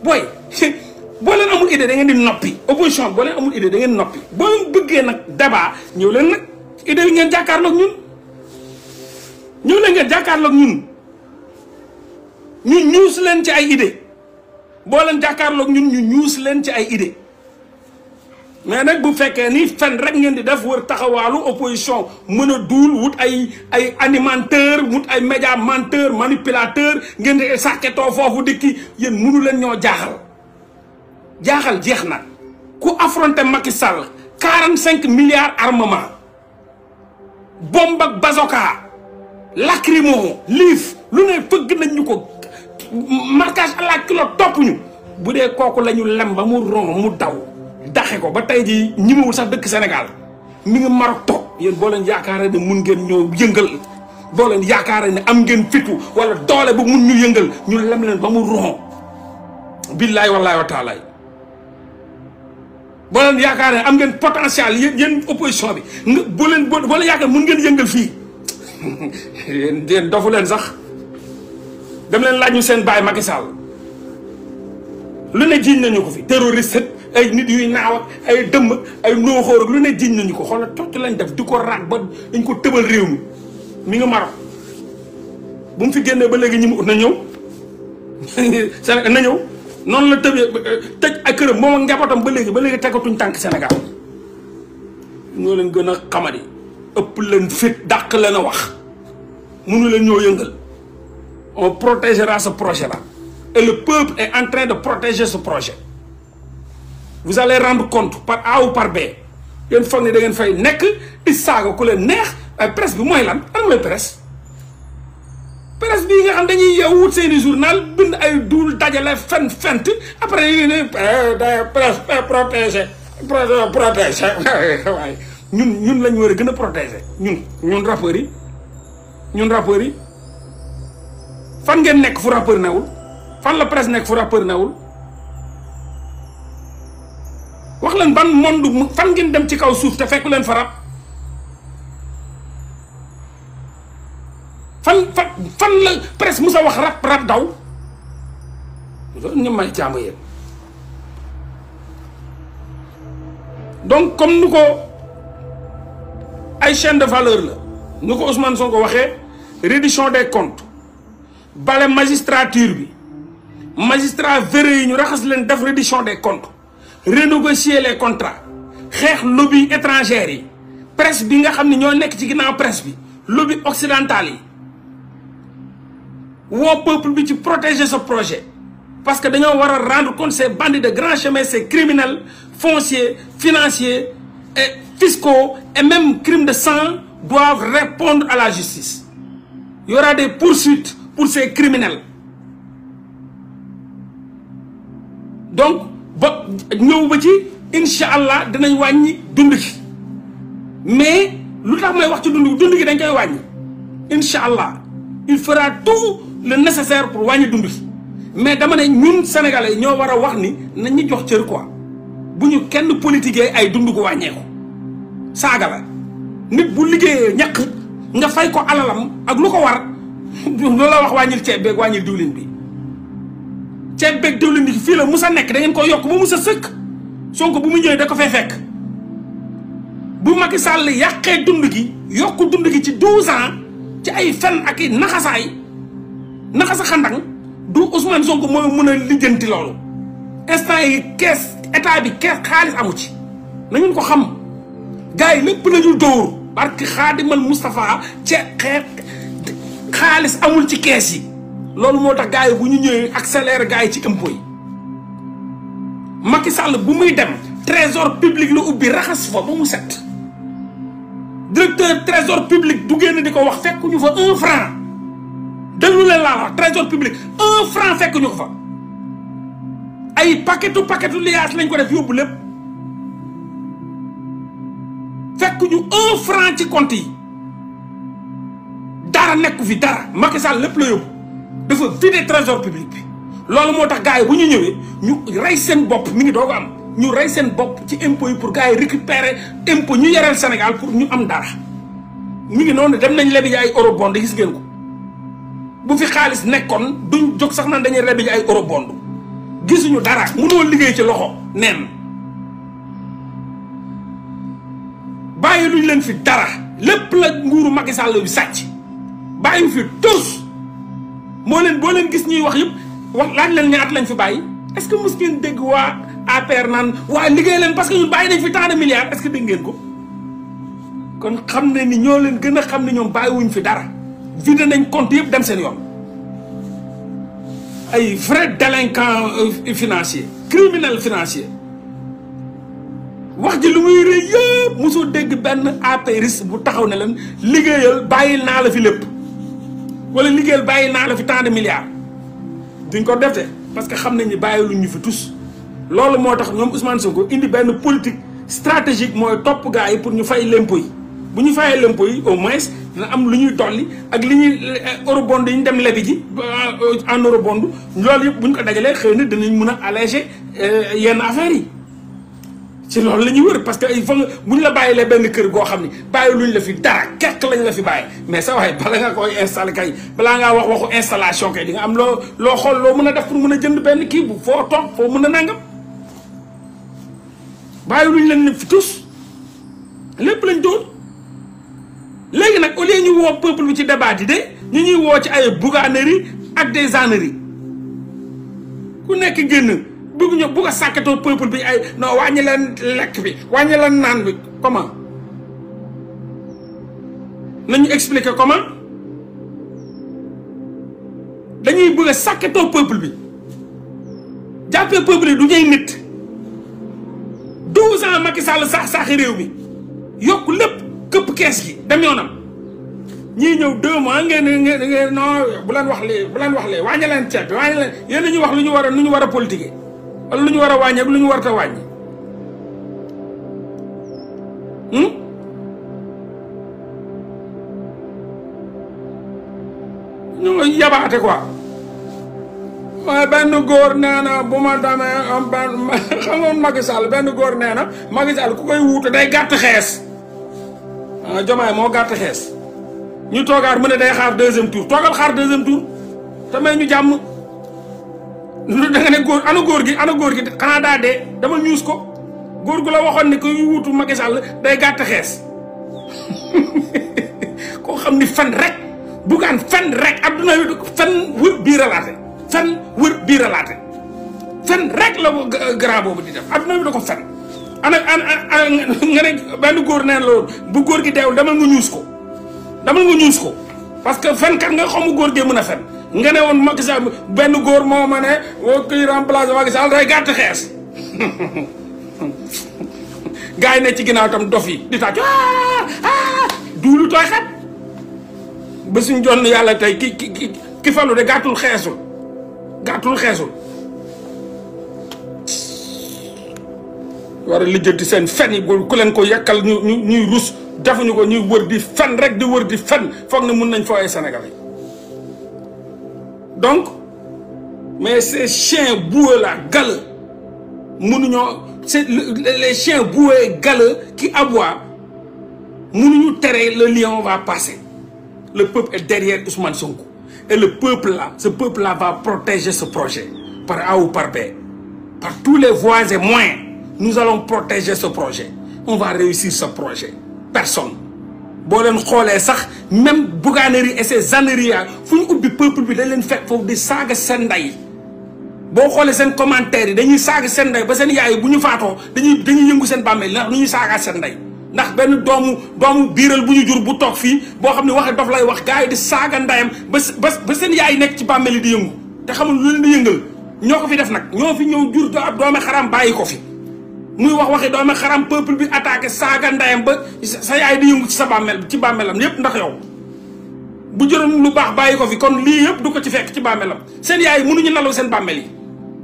S1: booy boo leen amul idée da ngeen di noppi opposition boo leen amul idée da ngeen noppi boo leen bëggee nag dabaa ñëw leen nag idée yi ngeen jàkkaarloog ñun ñëw leen ngeen jàkkaarloog ñun ñu ñuus leen ci ay idée boo leen jàkkaarloog ñun ñu ñuus leen ci ay idée mais nag bu fekkee ni fen rek ngeen di def wër taxawaalu opposition mën a duul wut ay ay animateur wut ay média menteur manipulateur ngeen di sàkketoo foofu dikki yéen mënu leen ñoo jaaxal jaaxal jeex na ku affronté Macky Sall quarante cinq milliards armement bombe ak bazooka lacrymo liif lu ne fëgg nañ ñu ko marquage à la culotte topp ñu bu dee kooku lañu lem ba mu ron mu daw daxe ko ba tey ji ñimawul sax dëkk Sénégal mu ngi Maroc toog yéen boo leen ne mun ngeen ñoo yëngal boo leen yaakaaree ne am ngeen fitu wala doole bu mun ñu yëngal ñu lem leen ba mu ron billaay wallaay wa yaakaar ne am ngeen potentiel yéen yéen opposition bi nga boo leen boo mun ngeen yëngal fii yéen yéen dofu leen sax dem leen laaj ñu seen baay Macky Sall lu ne jiiñ nañu ko fi terroriste ay nit yuy naaw ak ay dëmm ay nooxóor ak lu ne jiiñ nañu ko xoolal tott lañ def di ko raag ba dañ ko tëbal réew mi mi nga Maroc bu mu fi génnee ba léegi ñu mu ut na ñëw na ñëw noonu la tëb tëj ak këram moom ak njabootam ba léegi ba léegi tegatuñ tànk senegal ñoo leen gën a xamadi ëpp leen fit dàq leen a wax mënu leen ñoo yëngal on protégera ce projet la Et le peuple est en train de protéger ce projet. Vous allez rendre compte par aw par B. yéen foog ni da ngeen fay nekk di saaga ku leen neex ay presse bi mooy lan lan mooy presse presse bii nga xam dañuy yow wut seeni journal bind ay duul dajale fen fent après yi ne eh, presse protégé protégé waaye ñun ñun lañ war a gën a protégé ñun ñun rappeurs yi ñun rappeurs yi fan ngeen nekk fu rappeur newul fan la presse nekk fu rappeur newul wax leen ban monde fan ngeen dem ci kaw suuf te fekku leen fa rap fan fan fan la presque mu sa wax rap rap daw loolu ñu may caama yéen donc comme nu ko ay chaîne de valeur la nu ko Ousmane Sonko waxee reddition des comptes bale magistrature bi magistrat véreux yi ñu raxas leen def reddition des comptes renégocier les contrats xeex lobby étrangère yi presse bi nga xam ne ñoo nekk ci ginnaaw presse bi lobby occidental yi woo peuple bi ci protéger ce projet parce que dañoo war rendre compte ces bandits de grand chemin ces criminels fonciers financier et fiscaux et même crimes de sang doivent répondre à la justice il y aura pour ces criminels donc ba ñëw ba ci incha allah dinañ wàññi dund gi mais lu tax may wax ci dund gi dund gi dañ koy wàññi incha allah il fera tout le nécessaire pour wàññi dund gi mais dama ne ñun sénégalais ñoo war a wax ni nañ ñu jox cër quoi bu ñu kenn politiquee ay dund gu wàññeeku saaga la nit bu liggéeyee ñàkk nga fay ko alalam ak lu ko war. loolu la wax wàññil ceeb beeg wàññil diwlin bi ceeb beeg diwlin bi fii la mu sa nekk da ngeen ko yokk ba sa sëkk Sonko bu mu ñëwee da ko fay fekk bu Macky Sall yàqee dund gi yokk dund gi ci 12 ans ci ay fen ak i naxasaay naxasa xandang du Ousmane Sonko mooy mën a lijjanti lool instant yi kees état bi kees xaalis amu ci nañu ko xam gars yi lépp la ñu dóor barki xaadimal Moustapha ce xeex xaalis amul ci kees yi loolu moo tax gaa yi bu ñu ñëwee accéléré gaa yi ci impôt yi Macky Sall bu muy dem trésor public la ubbi raxas fa ba mu set directeur trésor public du génn di ko wax fekkuñu fa un franc déglu leen laa wax trésor public un franc fekkuñu ko fa ay paquetu paquetu liaas lañ ko def yóbbu lépp fekkuñu un franc ci compte yi dara nekku fi dara Macky Sall lépp la yóbbu dafa vider trésor public bi loolu moo tax gars yi bu ñu ñëwee ñu rey seen bopp mi ngi doog am ñu rey seen bopp ci impo yi pour gars yi récupérer impôt ñu yareel Sénégal pour ñu am dara mu ngi noonu dem nañ lebi ji ay eurobond gis ngeen ko bu fi xaalis nekkoon duñ jog sax naan dañuy lebi ji ay eurobond gisuñu dara mu mënoo liggéey ci loxo neen bàyyi luñ leen fi dara lépp la nguuru Macky Sall bi sàcc bàyyi fi tous moo leen boo leen gis ñuy wax yëpp wax laaj leen ñaata lañ fi bàyyi est-ce que mos dégg waa APR naan waa liggéey leen parce que ñun bàyyi nañ fi tant de milliards est que dégg ngeen ko. kon xam ne ni ñoo leen gën a xam ne ñoom bàyyiwuñ fi dara vide nañ compte yëpp dem seen yoon ay vrai délinquant euh, financier criminel financier wax ji lu muy rëy yëpp mosoo dégg benn apériste bu taxaw ne leen liggéeyal bàyyil naa la fi lépp wala liggéeyal bàyyi naa la fi tant de milliards duñ ko def parce que xam nañ ne bàyyi luñ ñu fi tous loolu moo tax ñoom Ousmane ko indi benn politique stratégique mooy topp gars yi pour ñu fay l'impôt yi bu ñu fayee l'impôt yi au moins dina am lu ñuy dolli ak li ñuy eurobond yi ñu dem lebi ji en eurobond loolu yëpp buñ ko dajalee xëy na dinañ mun a alléger euh, yenn affaires yi ci loolu la ñuy wër parce que ay fa nga bu ñu la bàyyilee benn kër goo xam ni bàyyi luñ la fi dara kekk lañ la fi bàyyi mais sa waay bala nga koy installé kay balaa ngaa wax waxu installation kay di nga am loo loo xool loo mën a def pour mën a jënd benn kii bu foo toog foo mën a nangam bàyyi luñ leen fi tus lépp lañ doon léegi nag au lieu ñu woo peuple bi ci débat yi de ñu ñuy woo ci ay bouganerie ak des âneries ku nekk génn. bëgg ñu bëgg a sàkkatoo peuple bi ay non wàññi leen lekk bi wàññi leen naan bi comment nañu expliquer comment dañuy bëgg a sàkkatoo bi jàppee peuple du ñuy nit douze ans Macky Sall sax saaxi réew mi yokk lépp këpp kees gi dem yoonam ñii ñëw deux a ngeen ngeen bu leen wax lii bu leen wax lii wàññi leen ceeb bi wàññi leen yéen ñu wax lu ñu war nu ñu war a politiquer ak lu ñu war a wàññi ak lu ñu warta wàññi hmm? ñu ngi yabaate quoi waaye benn góor nee na bu ma demee am benn xam nga Macky benn góor nee na Macky Sall ku koy wuute day gàtt xees ah Diomaye moo gàtt xees ñu toogaat mu ne day xaar deuxième tour toogal xaar deuxième tour te ñu jàmm lu da nga ne góor ana góor gi ana góor gi xanaa daa dee dama ñuus ko góor gi la waxoon ne ku wuutu wutu Sall day gàtt xees koo xam ni fen rek bugaan fen rek adduna wi fen wër wër bii relaté fen rek la ko grand boobu di def adduna wi da ko fen ana nga ne góor nee loolu bu góor gi deewul demal nga ñuus ko demal nga ñuus ko parce que fenkat nga xamu góor gee mën a fen nga ne woon Macky Sall benn góor moo ma ne woo kuy remplacer Macky Sall day gàtt xees gars yi ne ci ginnaaw tam dof yi di tàcc ah, ah, duulu tooy xat ba suñ jonn yàlla tey ki ki ki falu de gàttul xeesul gàttul xeesul war a lijjanti seen fen yi ku leen ko yekkal ñu ñuy rus defuñu ko ñuy wër di fen rek di wër di fen foog ne mun nañ fooyee Sénégal yi donc mais ces chiens boueux là galeux mënuñoo c'est les chiens boueux galeux qui aboient mënuñu tere le lion va passer le peuple est derrière Ousmane Sonko et le peuple là ce peuple là va protéger ce projet par A ou par B par tous les voies et moyens nous allons protéger ce projet on va réussir ce projet personne boo leen xoolee sax même bouganerie et ses âneries fu ñu ubbi peuple bi dañ leen fekk foofu di saaga seen ndey boo xoolee seen commentaire yi dañuy saaga seen ndey ba seen yaay bu ñu faatoo dañuy dañuy yëngu seen bàmmeel ndax nu ñuy saagaat seen ndey ndax benn doomu doomu biiral bu ñu jur bu toog fii boo xam ne waxi dof lay wax gars yi di saaga ndeyam ba ba seen yaay nekk ci bàmmeel yi di yëngu te xamul lu leen di yëngal ñoo ko fi def nag ñoo fi ñëw jur ab doomu xaraam bàyyi ko fi. muy wax waxi doomi xaram peuple bi attaqué saaga ndayam ba sa yaay di yëngu ci sa bàmmeel ci bàmmeelam yépp ndax yow bu jëloon lu baax bàyyi ko fi kon lii yëpp du ko ci fekk ci bàmmeelam seen yaay mënuñu nalaw seen bàmmeel yi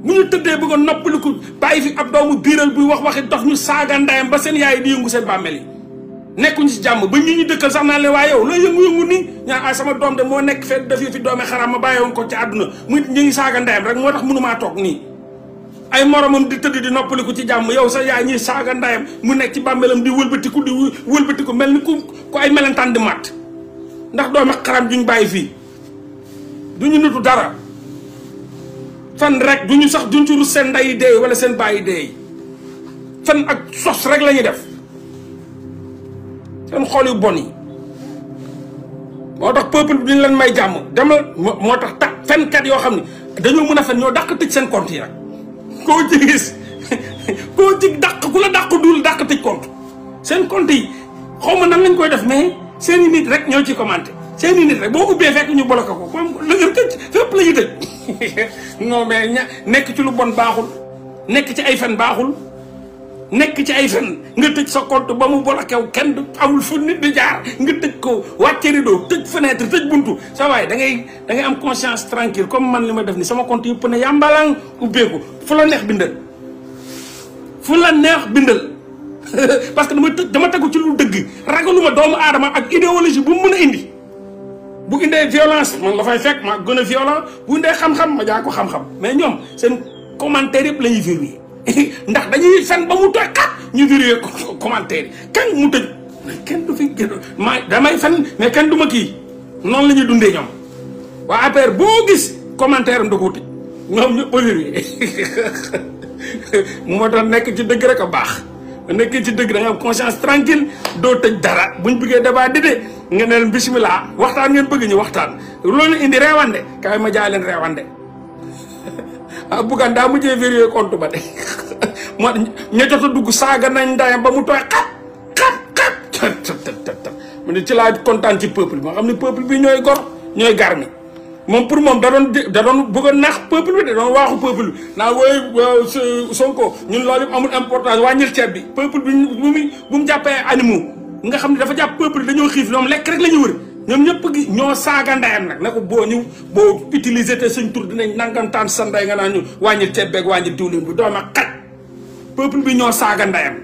S1: bu ñu tëddee bëgg a noppaliku bàyyi fi ab doomu biiral buy wax waxi dox ñu saaga ndayam ba seen yaay di yëngu seen bàmmeel yi nekkuñu ci jàmm ba ñu ñu dëkkal sax naa leen waaye yow looy yëngu-yëngu nii ñaan ay ah, sama doom de moo nekk fee def fi doomi xaram ma bàyyi woon ko ci àdduna mu ñu ngi saaga ndayam rek moo tax mënumaa toog nii ay moromam di tëdd di noppaliku ci jàmm yow sa yaay ñuy saaga ndayam mu nekk ci bàmmeelam di wëlbatiku di wëlbatiku mel ni ku ku ay melentaan di màtt ndax doomu xaram duñ bàyyi fii duñu nutu dara fan rek duñu sax duñ ci rus seen ndayi deey wala seen bàyyi deey fan ak sos rek la def seen xool yu bon yi moo tax peuple bi duñ leen may jàmm demal moo tax takk fenkat yoo xam ne dañoo mën a fen ñoo dàq tëj seen compte yi rek koo ci gis koo ci dàq ku la dàq dul dàq tëj compte seen compte yi xaw ma nan lañ koy def mais seen i nit rek ñoo ci commenté seen i nit rek boo ubbee fekk ñu bloqué ko comme lëgër tëj fépp la ñu tëj non mais ña nekk ci lu bon baaxul nekk ci ay fen baaxul nekk ci ay fen nga tëj sa compte ba mu bolokew kenn du amul fu nit di jaar nga tëj ko wàcce rideau tëj fenêtre tëj buntu sa waay da ngay da am conscience tranquille comme man li ma def ni sama compte yëpp ne yàmbalang ubbeeku fu la neex bindal fu la neex bindal parce que dama tëj dama tegu ci lu dëgg ragaluma doomu aadama ak idéologie bu mu mën a indi bu indee violence man la fay fekk maa gën a violent bu indee xam-xam ma jaa ko xam-xam mais ñoom seen commentaire yëpp la ñuy ndax dañuy fen ba mu toj kat ñu viré commentaire kenn mu tëj kenn du fi ma damay fen mais kenn du ma kii noonu la ñuy dundee ñoom waa APR boo gis commentaire am da ko tëj ñoom ñëpp a moo tax nekk ci dëgg rek a baax nekk ci dëgg da nga am conscience tranquille doo tëj dara buñ bëggee débat di de nga ne leen bisimilah waxtaan ngeen bëgg ñu waxtaan loolu indi reewande kaay ma leen reewande ah Bougane daa mujjee vérifier compte ba de ma ña a dugg saaga nañ ndayam ba mu tooy xat xat ne ci laa kontaan ci peuple bi xam ne peuple bi ñooy gor ñooy gar mi moom pour moom da doon da doon bëgg a nax peuple bi da doon waaxu peuple bi naa wooy Sonko ñun loolu yëpp amul importance wàññil ceeb bi peuple bi bu mu bu mu jàppee animaux nga xam ne dafa jàpp peuple dañoo xiif ñoom lekk rek la ñu wër ñoom ñëpp gi ñoo saaga nag ne ko boo ñu boo utiliser te suñ tur dinañ nangantaan sa nday nga naan ñu wàññi tebbeeg wàññi diwlin bi dooma xaj peuple bi ñoo saaga ndayam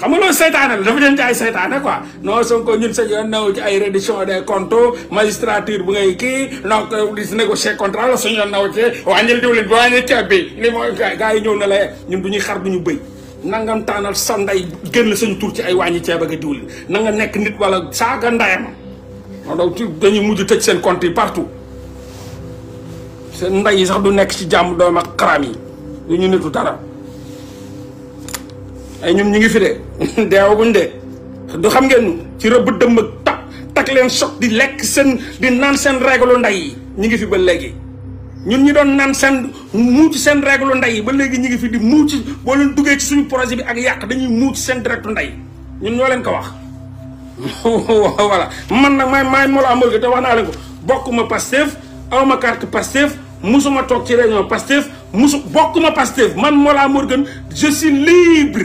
S1: xam nga loolu seytaane la dafa leen ci ay seytaane quoi non Sonko ñun naw ci ay reddition des comptes bu ngay kii donc di négocier contrat la suñu yoon naw ci wàññil diwlin bi wàññil ceeb bi li mooy ñëw na la ñun du ñuy xar du ñu bëy nangam taanal sa nday gën la ci ay wàññi ceeb ak diwlin na nga nekk nit walla saaga non donc dañuy mujj tëj seen compte yi partout seen ndey yi sax du nekk ci jàmm doom ak xaraam yi du ñu nitu dara ay ñun ñu ngi fi de deewaguñ de du xam ngeen ci rëbb dëmm tak tak leen choc di lekk seen di naan seen réglu ndey yi ñu ngi fi ba léegi. ñun ñi doon naan seen muuc seen réglu ndey yi ba léegi ñu ngi fi di muuc boo leen duggee ci suñu projet bi ak yàq dañuy muuc seen directu ndey ñun ñoo leen ko wax. voilà man nag maay maay Mollah Morgun te wax naa leen ko bokkuma Pastef awma carte Pastef musuma toog ci réunion Pastef musu bokkuma Pastef man Mollah Morgun je suis libre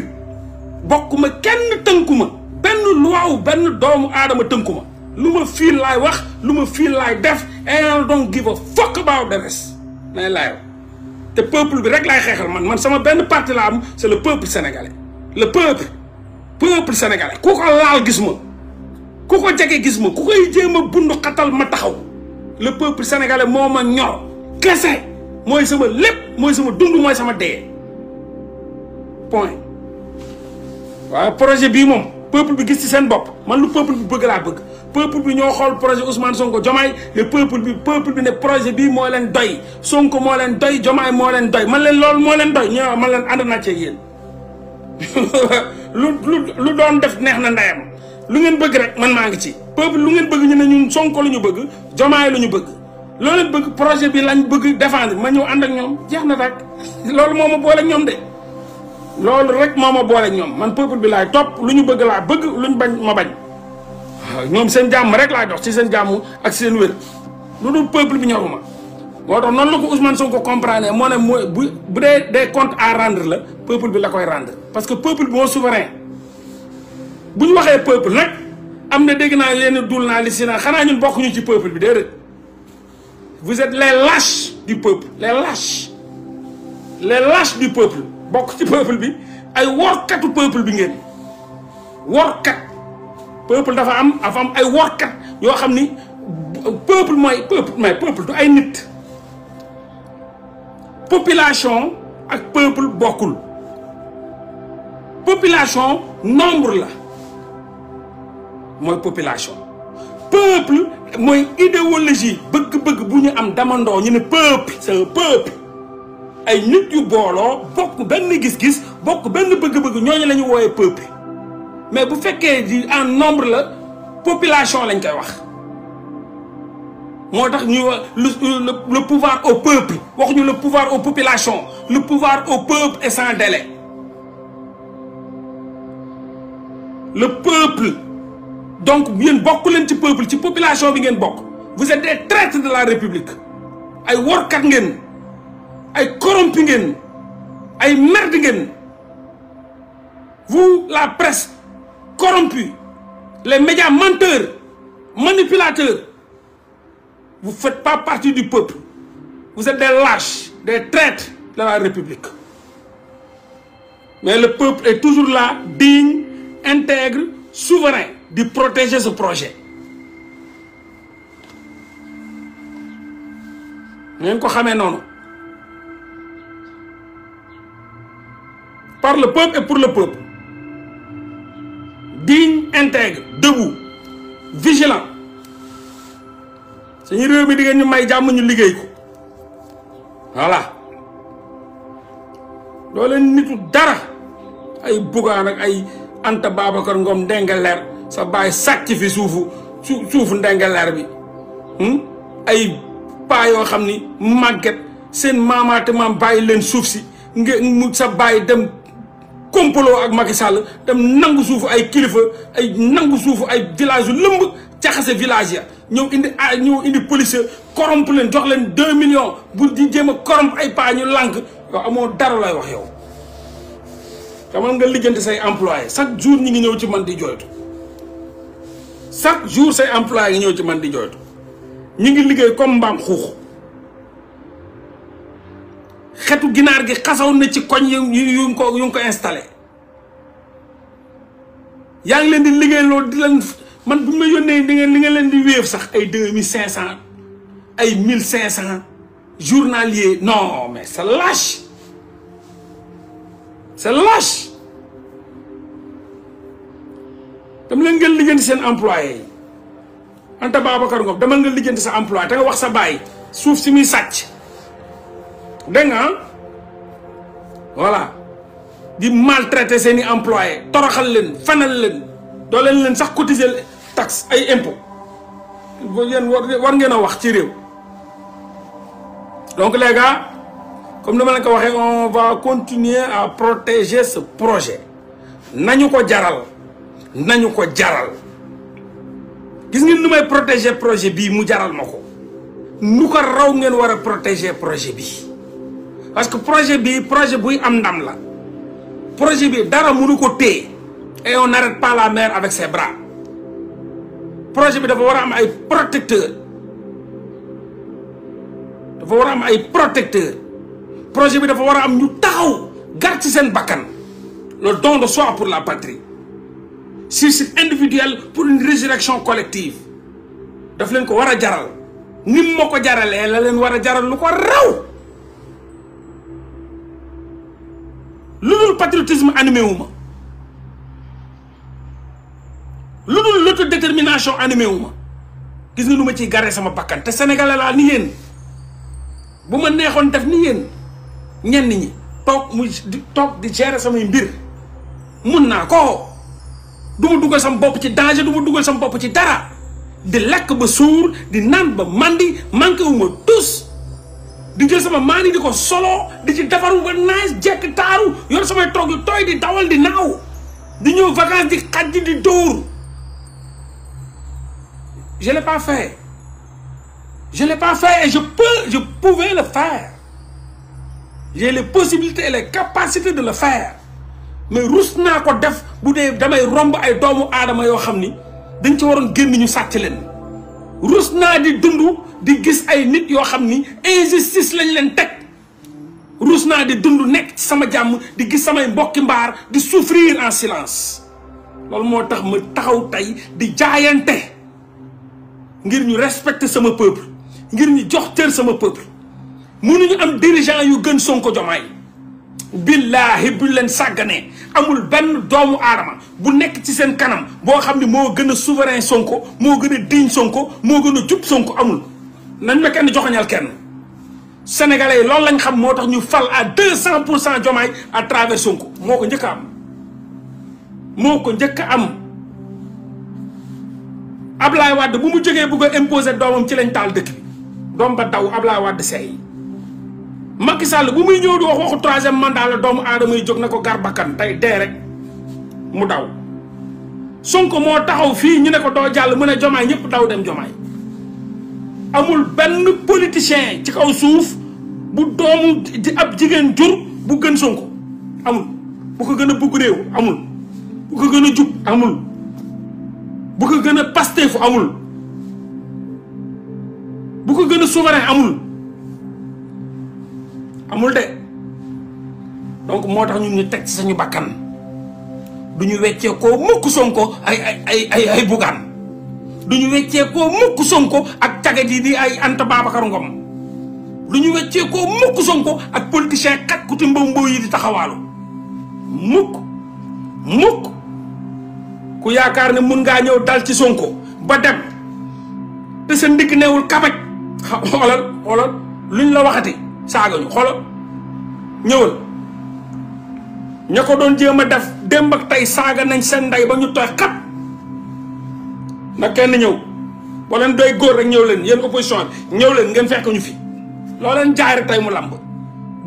S1: ma kenn ma benn loi benn doomu aadama tënkuma lu ma fii lay wax lu ma fii laay def and I don't give a fuck about the rest lay laay te peuple bi rek laay xeexal man man sama benn parti la am c'est le peuple sénégalais le peuple peuple sénégalais ku ko laal gis ma ku ko jege gis ma ku koy jéem a bund xatal ma taxaw le peuple sénégalais moo ma ñor kese mooy sama lépp mooy sama dund mooy sama dee point waaye projet bii moom peuple bi gis ci seen bopp man lu peuple bi bëgg laa bëgg peuple bi ñoo xool projet Ousmane Sonko Jomaay le peuple bi peuple bi ne projet bii moo leen doy Sonko moo leen doy Jomaay moo leen doy man leen lool moo leen doy ñoo man leen ànd naa ci yéen lu lu lu doon def neex na ndeyam lu ngeen bëgg rek man maa ngi ci peuple lu ngeen bëgg ñu ne ñun sonko lu ñu bëgg jomaay lu ñu bëgg loo leen bëgg projet bi lañ bëgg défendre ma ñëw ànd ak ñoom jeex na rek loolu moo ma boole ñoom de loolu rek moo ma boole ñoom man peuple bi laay topp lu ñu bëgg laa bëgg lu ñu bañ ma bañ waaw ñoom seen jàmm rek laay dox ci seen jàmm ak seen wér lu dul peuple bi ñoruma moo tax noonu la ko Ousmane Sonko comprendre moo ne mooy bu bu dee des comptes à rendre la peuple bi la koy rendre parce que peuple bi moo souverain bu ñu waxee peuple nag am na dégg naa leen dul naa li si xanaa ñun bokkuñu ci peuple bi déedéet vous êtes les lâches du peuple les lâches les lâches du peuple bokk ci peuple bi ay workatu peuple bi ngeen workat peuple dafa am dafa am ay workat yoo xam ni peuple mooy peuple mais peuple du ay nit population ak peuple bokkul population nombre la mooy population peuple mooy idéologie bëgg-bëgg bu ñu am damandoo ñu ne peuple c'est peuple ay nit yu booloo bokk benn gis-gis bokk benn bëgg-bëgg ñooñu la ñu wooyee peuple mais bu fekkee di en nombre la population lañ koy wax moo tax ñu le pouvoir au peuple wax ñu le pouvoir aux population le pouvoir au peuple est sans délai le peuple donc yéen bokk leen ci peuple ci population bi ngeen bokk vous êtes des traîtres de la république ay workat ngeen ay corrompu ngeen ay merde ngeen vous la presse corrompue les médias menteurs manipulateurs vous faites pas partie du peuple vous êtes des lâches des traîtres de la république mais le peuple est toujours là digne intègre souverain di protégé ce projet ngeen ko xamee noonu par le peuple et pour le peuple digne intègre debout vigilant suñu réew mi di ngeen ñu may jàmm ñu liggéey ko voilà doo leen nitu dara ay Bougane ak ay Anta Babacar Ngom Ndingler sa baay sàcc fi suufu suufu ndengeleer bi hmm? ay paa yoo xam ni màgget seen maamaate maam bàyyi leen suuf si nga mu sa bàyyi dem kompaloo ak Macky Sall dem nangu suufu ay kilifa ay nangu suufu ay village yu lëmb jaxase village ya ñëw indi a ñëw indi police corrompre leen jox leen deux millions bu di jéem a ay paa ñu lànk yow amoo dara lay wax yow. dama nga lijjanti say employé chaque jour ñu ngi ñëw ci man di jooytu. chaque jour say employé yi ñëw ci man di jooytu ñu ngi liggéey comme mbaam xuux xetu ginaar gi xasaw na ci koñ yu yu ko yu ko installé yaa ngi leen di liggéey loolu di leen man bu ma yónnee di ngeen li nga leen di wéef sax ay deux mille cinq cent ay mille cinq cent journalier non mais c'est lâche c'est lâche dama leen ngeen lijjanti seen employé yi Anta Babacar Ngom dama nga lijjanti sa employé te nga wax sa baay suuf si muy sàcc dégg nga voilà di maltraiter seen i employé toroxal leen fanal leen doo leen sax cotiser taxe ay impôt yéen war ngeen a wax ci réew donc les comme ni ma leen ko waxee on va continuer à protéger ce projet nañu ko jaral nañu ko jaral gis ngeen nu may protéger projet bii mu jaral ma ko nu ko raw ngeen war a protéger projet bi parce que projet bi projet buy am ndam la projet bi dara mënu ko téye et on n'arrête pas la maire avec ses bras projet bi dafa war a am ay protecteur dafa war am ay protecteur projet bi dafa war a am ñu taxaw gar ci seen bakkan le don de soi pour la patrie suicide individuel pour une résurrection collective daf leen ko war a jaral nim ma ko jaralee la leen war a jaral lu ko raw lu dul patriotisme animé wu ma lu dul l'autodétermination animé wu gis nga nu ma ciy garee sama bakkan te sénégalais laa ni yéen bu ma neexoon def ni yéen ñenn ñi toog muy toog di gérer samay mbir mun naa ko du ma dugal sama bopp ci danger duma ma dugal sama bopp ci dara di lekk ba suur di naan ba mandi manqué wu tus di jël sama maan di ko solo di ci defaru ba naaj jekk taaru yor samay toog yu tooy di dawal di naaw di ñëw vacances di xaj di dóor je l'ai pas fait je l'ai pas fait je peux je pouvais le faire j'ai les possibilité et les capacités de la faire mais rus naa ko def bu dee damay romb ay doomu aadama yoo xam ni dañ ci waroon génn ñu sàcc leen rus naa di dund di gis ay nit yoo xam ni injustice lañ leen teg rus naa di dund nekk sama jàmm di gis samay mbokki mbaar di souffrir en silence loolu moo tax ma taxaw tey di jaayante ngir ñu respecter sama peuple ngir ñu jox cër sama peuple mënuñu am dirigeant yu gën Sonko Diomaye billaahi bu leen sàgganee amul benn doomu aadama bu nekk ci seen kanam boo xam ne moo gën a souverain sonko moo gën a digne sonko moo gën a jub sonko amul nañ ma kenn joxoñal kenn sénégalais yi loolu lañ xam moo tax ñu fal à deux cent pour cent jomaay à travers sonko moo ko njëkk am moo ko njëkk a am Ablaye Wade bu mu jógee bëgg a imposer doomam ci lañ taal dëkk bi doom ba daw Ablaye Wade seey Macky Sall bu muy ñëw di wax waxu troisième mandat la doomu aadama yi jóg na ko gar bakkan tey dee rek mu daw Sonko moo taxaw fii ñu ne ko doo jàll mu ne jomaay ñëpp daw dem jomaay amul benn politicien ci kaw suuf bu doomu di ab jigéen jur bu gën Sonko amul bu ko gën a bugg réew amul bu ko gën a jub amul bu ko gën a pasté pasteefu amul bu ko gën a souverain amul amul de donc moo tax ñun ñu teg ci sañu bakkan du ñu weccee koo mukk Sonko ay ay ay ay bugaan du ñu weccee koo mukk Sonko ak cagat yi di ay Anta Babacar Ngom du ñu weccee koo mukk Sonko ak politicien kat ku ti mbaw yi di taxawaalu mukk mukk ku yaakaar ne mun ngaa ñëw dal ci Sonko ba dem te sa ndigg neewul kabaj xoolal xoolal luñ la waxati saaga ñu xoolal ñëwal ña ko doon jéem a def démb ak tey saaga nañ seen ndey ba ñu tooy xat na kenn ñëw wala doy góor rek ñëw leen yéen opposition bi ñëw leen ngeen fekk ñu fi loo leen jaay rek tey mu làmb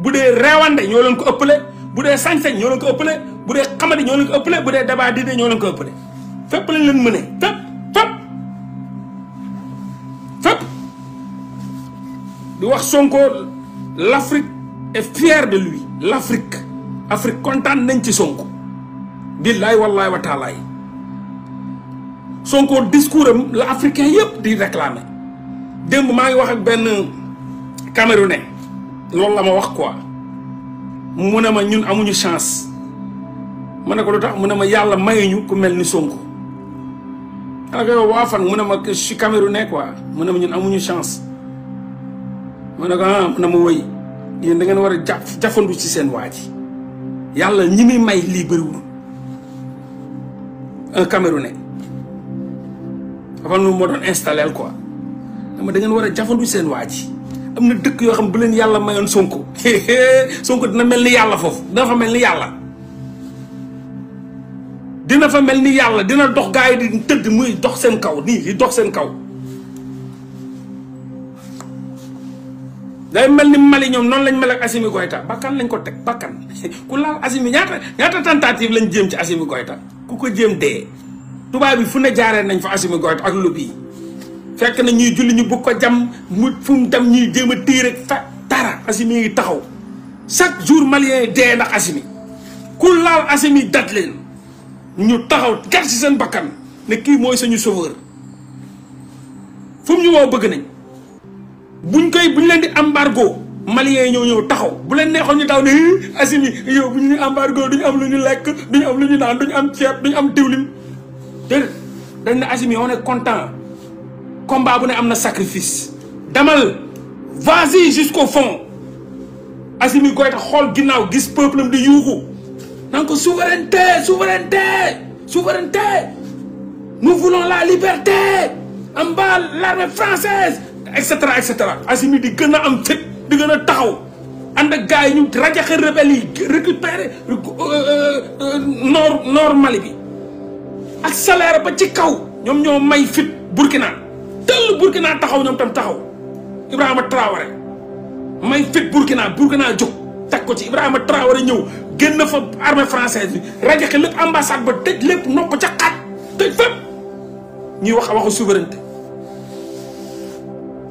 S1: bu dee reewande ñoo leen ko ëpp ëppale bu dee sañ-sañ ñoo leen ko ëppale bu dee xamadi ñoo leen ko ëppale bu dee débat di dee ñoo leen ko ëppale fépp lañ leen mëne fépp fépp fépp di wax Sonko l'Afrique est fière de lui l'Afrique Afrique kontaan nañ ci Sonko billaay wallaay wa taalaay Sonko discours am la africain yëpp di réclamer démb maa ngi wax ak benn Camerounais loolu la ma wax quoi mu ne ma ñun amuñu chance ma ne ko lu tax mun ne ma yàlla mayuñu ku mel ni Sonko xanaa ko yow waa fan mu ne ma je suis Camerounais quoi mu ne ma ñun amuñu chance. ma ne ko ah mu ne ma woy yéen dangeen war a jaf jafandu ci seen waa ji yàlla ñi muy may lii bëriwul un Camerounais dafa nu moo doon installé quoi dama da ngeen war a jafandu seen waa ji am na dëkk yoo xam bu leen yàlla mayoon Sonko Sonko dina mel ni yàlla foofu dina fa mel ni yàlla dina fa mel ni yàlla dina dox gaa yi di tëdd muy dox seen kaw nii di dox seen kaw day mel ni Mali ñoom noonu lañ mel ak Assimi Goïta bakkan lañ ko teg bakkan ku laal Assimi ñaata ñaata tentative lañ jéem ci Assimi Goïta ku ko jéem dee tubaab bi fu ne jaaree nañ fa Assimi Goïta ak lobby fekk na ñuy julli ñu bugg ko jam mu fu mu dem ñuy jéem a téye rek fa dara taxaw chaque jour malien dee ndax Assimi ku laal Assimi dat ñu taxaw gar ci seen bakkan ne kii mooy suñu sauveur fu ñu woo bëgg nañ. buñ koy buñ leen di embargo maliens yi ñoo ñëw taxaw bu leen neexoon ñu taw ne asimi yow buñ ñu embargo duñ am lu ñu lekk duñ am lu ñu naan duñ am ceeb duñ am diwlin déedéet dañ ne asimi on est content combat bu ne am na sacrifice demal vas-y jusqu'au fond asimi goyta xool ginnaaw gis peuple di yuuxu naan ko souveraineté souveraineté souveraineté nous voulons la liberté am bas l'armée française et cetera et cetera Assimi di gën a am fit di gën a taxaw ànd ak gars yi ñu rajaxe rebelle yi récupérer euh, euh, nord bi ak salaire ba ci kaw ñoom ñoo may fit Burkina tëll Burkina taxaw ñoom tam taxaw Ibrahima Traoré may fit Burkina Burkina jóg teg ko ci Ibrahima Traoré ñëw génn fa armée française bi rajaxe lépp ambassade ba tëj lépp nokk ca xaaj tëj fépp ñuy wax waxu souveraineté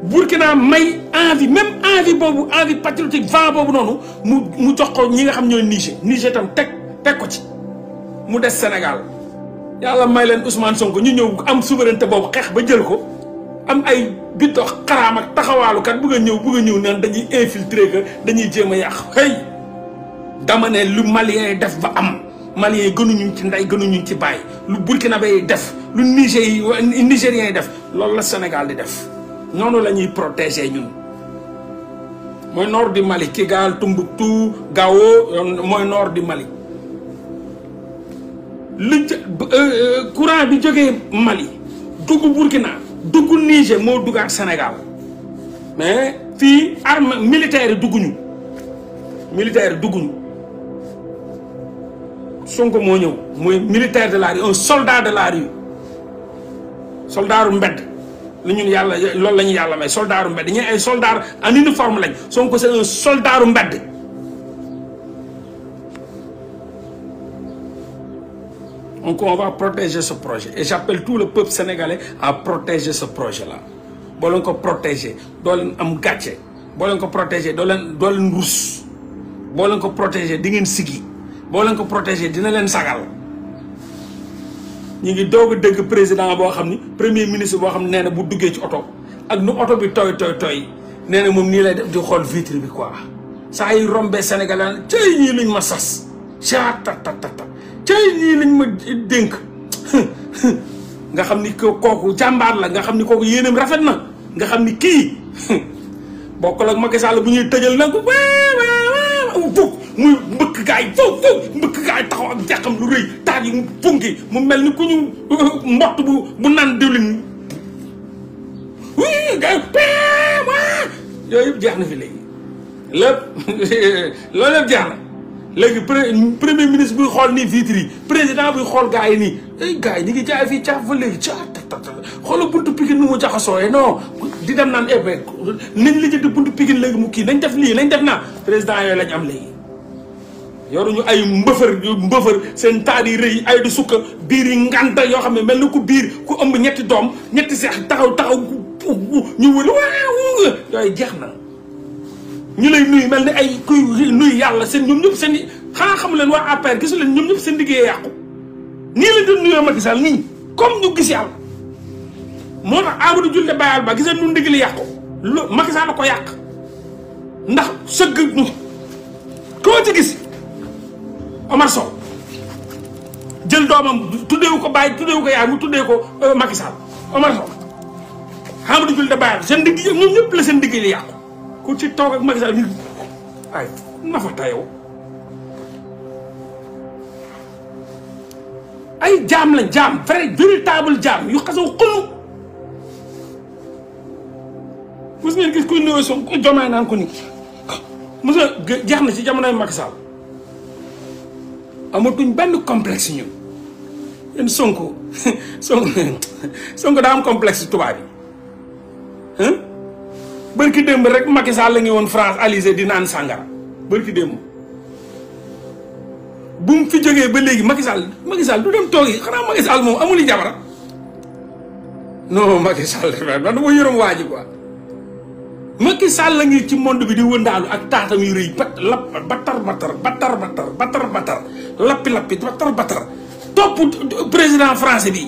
S1: Burkina may envie même envie boobu envie patriotique vent boobu noonu mu mu jox ko ñi nga xam ñooy Niger Niger tam teg teg ko ci mu des Sénégal yàlla may leen Ousmane Sonko ñu ñëw am souveraineté boobu xeex ba jël ko am ay bitox xaraam ak taxawaalukat bëgg a ñëw bëgg a ñëw naan dañuy infiltre que dañuy jéem a yàq hey dama ne lu malien def ba am malien gënuñu ci ndey gënuñu ci bàyyi lu burkinabé yi def lu Niger yi nigérien yi def loolu la Sénégal di def noonu la ñuy protéger ñun mooy nord du Mali Kigal Tombouctou Gao mooy nord du Mali lu euh, euh, courant bi jógee Mali dugg Burkina dugg Niger moo duggaat Sénégal mais fii arme militaire yi dugguñu militaire yi dugguñu Sonko moo ñëw mooy militaire de la rue un de la rue soldaaru mbedd la ñun yàlla loolu la ñu yàlla may soldaaru mbedd ñu ay soldaar en uniforme lañ Sonko c'est un soldaaru mbedd donc on va protéger ce projet et j'appelle tout le peuple sénégalais à protéger ce projet la boo leen ko protéger doo leen am gàcce boo leen ko protéger doo leen doo leen rus boo leen ko protéger di ngeen sigi boo leen ko protéger dina leen sagal ñu ngi doog a dégg président boo xam ni premier ministre boo xam ne nee na bu duggee ci oto ak nu oto bi tooy tooy tooy nee na moom nii lay def di xool vitre bi quoi saa yi rombee Sénégal daal cay ñii luñ ma sas caa tat tat tat cay ñii luñ ma dénk nga xam ni kooku jàmbaar la nga xam ni kooku yéenam rafet na nga xam ni kii bokkul ak Macky Sall bu ñuy tëjal nag waaw waaw waaw muy mbëkk gaay foofu foofu mbëkk gaay taxaw ak jàqam lu rëy taat yi mu funki mu mel ni ku ñu uh, uh, mbott bu bu naan diwlin ah! yooyu yëpp jeex na fi léegi lépp loolu yëpp jeex na léegi premier ministre buy xool nii vitres président buy xool gars yi nii eh, ay gars ñu ngi jaay fii caaf fa léegi caa ta ta xoolal buntu Pikine nu mu jaxasooyee non di dem naan ebe nañ la jënd buntu Pikine léegi mu kii nañ def lii nañ def naa président yooyu lañ am léegi ñu ay mbëfër yu mbëfër seen taar yi rëy ay du sukka biir yi ngànta yoo xam ne mel na ku biir ku ëmb ñetti doom ñetti seex taxaw taxaw ñu wër waaw yooyu jeex na ñu lay nuyu mel ni ay kuy nuyu yàlla seen ñoom ñëpp seen xanaa xamu leen waa APR gisu leen ñoom ñëpp seen liggéey yàqu nii la doon nuyoo Macky Sall nii comme ñu gis yàlla moo tax Amadou Julde Bayal Ba giseen nu ndigali yàqu lu Macky la ko yàq ndax sëgg koo ci gis Omar Sow jël doomam tuddeewu ko bàyyi tuddeewu ko yaay mu tuddee ko euh, Macky Sall Omar Sow da bàyyi seen digg ñoom ñëpp la seen digg li yàqu ku ci toog ak Macky Sall ñu ay na fa tayoo jaam lañ jaam vrai jaam yu xasaw xunu mos ngeen gis kuy nuyoo Sonko jomaay naan ko nii mos nga jeex na ci jamonoy Macky amatuñ benn complexe ñun yéen Sonko Sonko daa am complexe tubaab yi bërki démb rek Macky Sall la woon France Alizé di naan sàngara bërki démb bu mu fi jógee ba léegi Macky Sall Macky Sall du dem toogi xanaa Macky Sall moom amul i jabara non Macky Sall man dama yërëm waa ji quoi Macky Sall la ngi ci monde bi di wëndaalu ak taatam yu rëy bat lap batar batar batar batar batar batar lappi lappi batar batar topp président français bi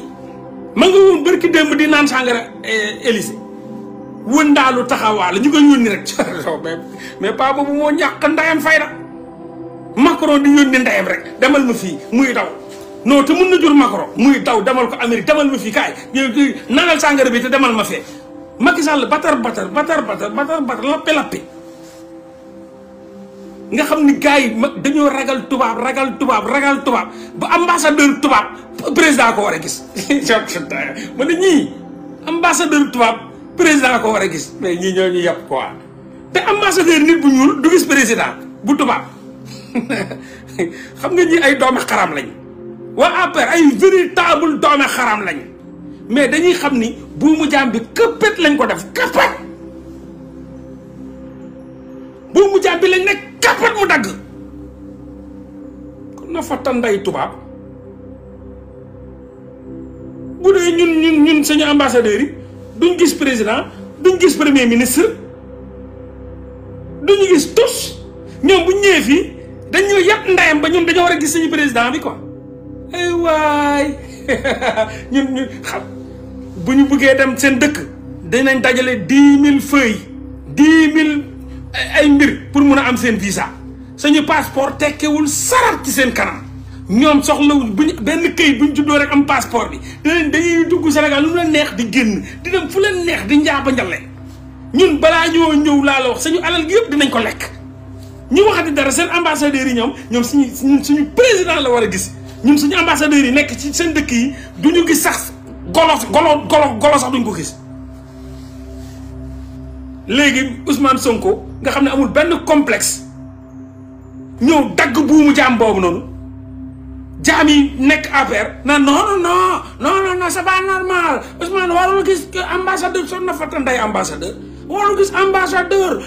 S1: ma nga woon barki démb di naan sàngara eh, Élysée wëndaalu taxawaala ñu ko yónni rek oh, mais pas boobu moo ñàkk ndayam fayda Macron di yónni ndayam rek demal ma fii muy daw non te mun na jur Macron muy daw demal ko Amérique demal ma fii kaay nangal sàngara bi te demal ma fee Macky Sall batar batar batar batar batar batar lappe lappe nga xam ni gars yi dañoo ragal tubaab ragal tubaab ragal tubaab ba ambassadeur tubaab président ko war a gis ma ne ñii ambassadeur tubaab président ko war gis mais ñii ñoo ñu yàpp quoi te ambassadeur nit bu ñuul du gis président bu tubaab xam nga ñi ay doomi xaram lañ waa APR ay véritable doomi xaram lañ mais dañuy xam ni buumu jaam bi këppét lañ ko def këppét buumu jaam bi lañ ne këppét mu dagg kon na fa tanday tubaab bu dee ñun ñun ñun suñu ambassadeurs yi duñ gis président duñ gis premier ministre duñu gis tous ñoom bu ñëwee fii dañu yàpp ndayam ba ñun dañoo war a gis suñu président bi ko ay eh waay ñun ñun bu ñu buggee dem seen dëkk dinañ dajale dix mille feuilles dix mille ay mbir pour mun a am seen visa suñu passeport tekkewul sarar ci seen kanam ñoom bu buñ benn këyit ñu juddoo rek am passeport bi dinañ dañuy dugg Sénégal lu mu la neex di génn di dem fu leen neex di njaaba njale ñun balaa ñoo ñëw laa la wax suñu alal gi dinañ ko lekk ñu waxati dara seen ambassadeurs yi ñoom ñoom suñu suñu président la war a gis ñun suñu ambassadeurs yi nekk ci seen dëkk yi duñu gis sax golo golo golo golo sax ko gis léegi Ousmane Sonko nga xam ne amul benn complexe ñëw dagg buumu jaam boobu noonu jaam yi nekk affaire naan non non non non c'est pas normal Ousmane warul gis ambassadeur son na fatta nday ambassadeur warul gis ambassadeur